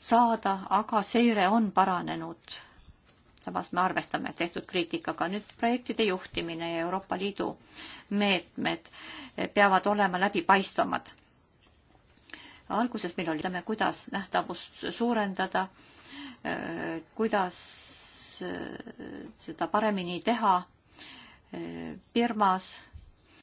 saada, aga seire on paranenud. samas me arvestame tehtud kriitikaga. nüüd projektide juhtimine ja Euroopa Liidu meetmed peavad olema läbipaistvamad. alguses meil oli, ütleme, kuidas nähtavust suurendada, eh, kuidas eh, seda paremini teha Birmas eh,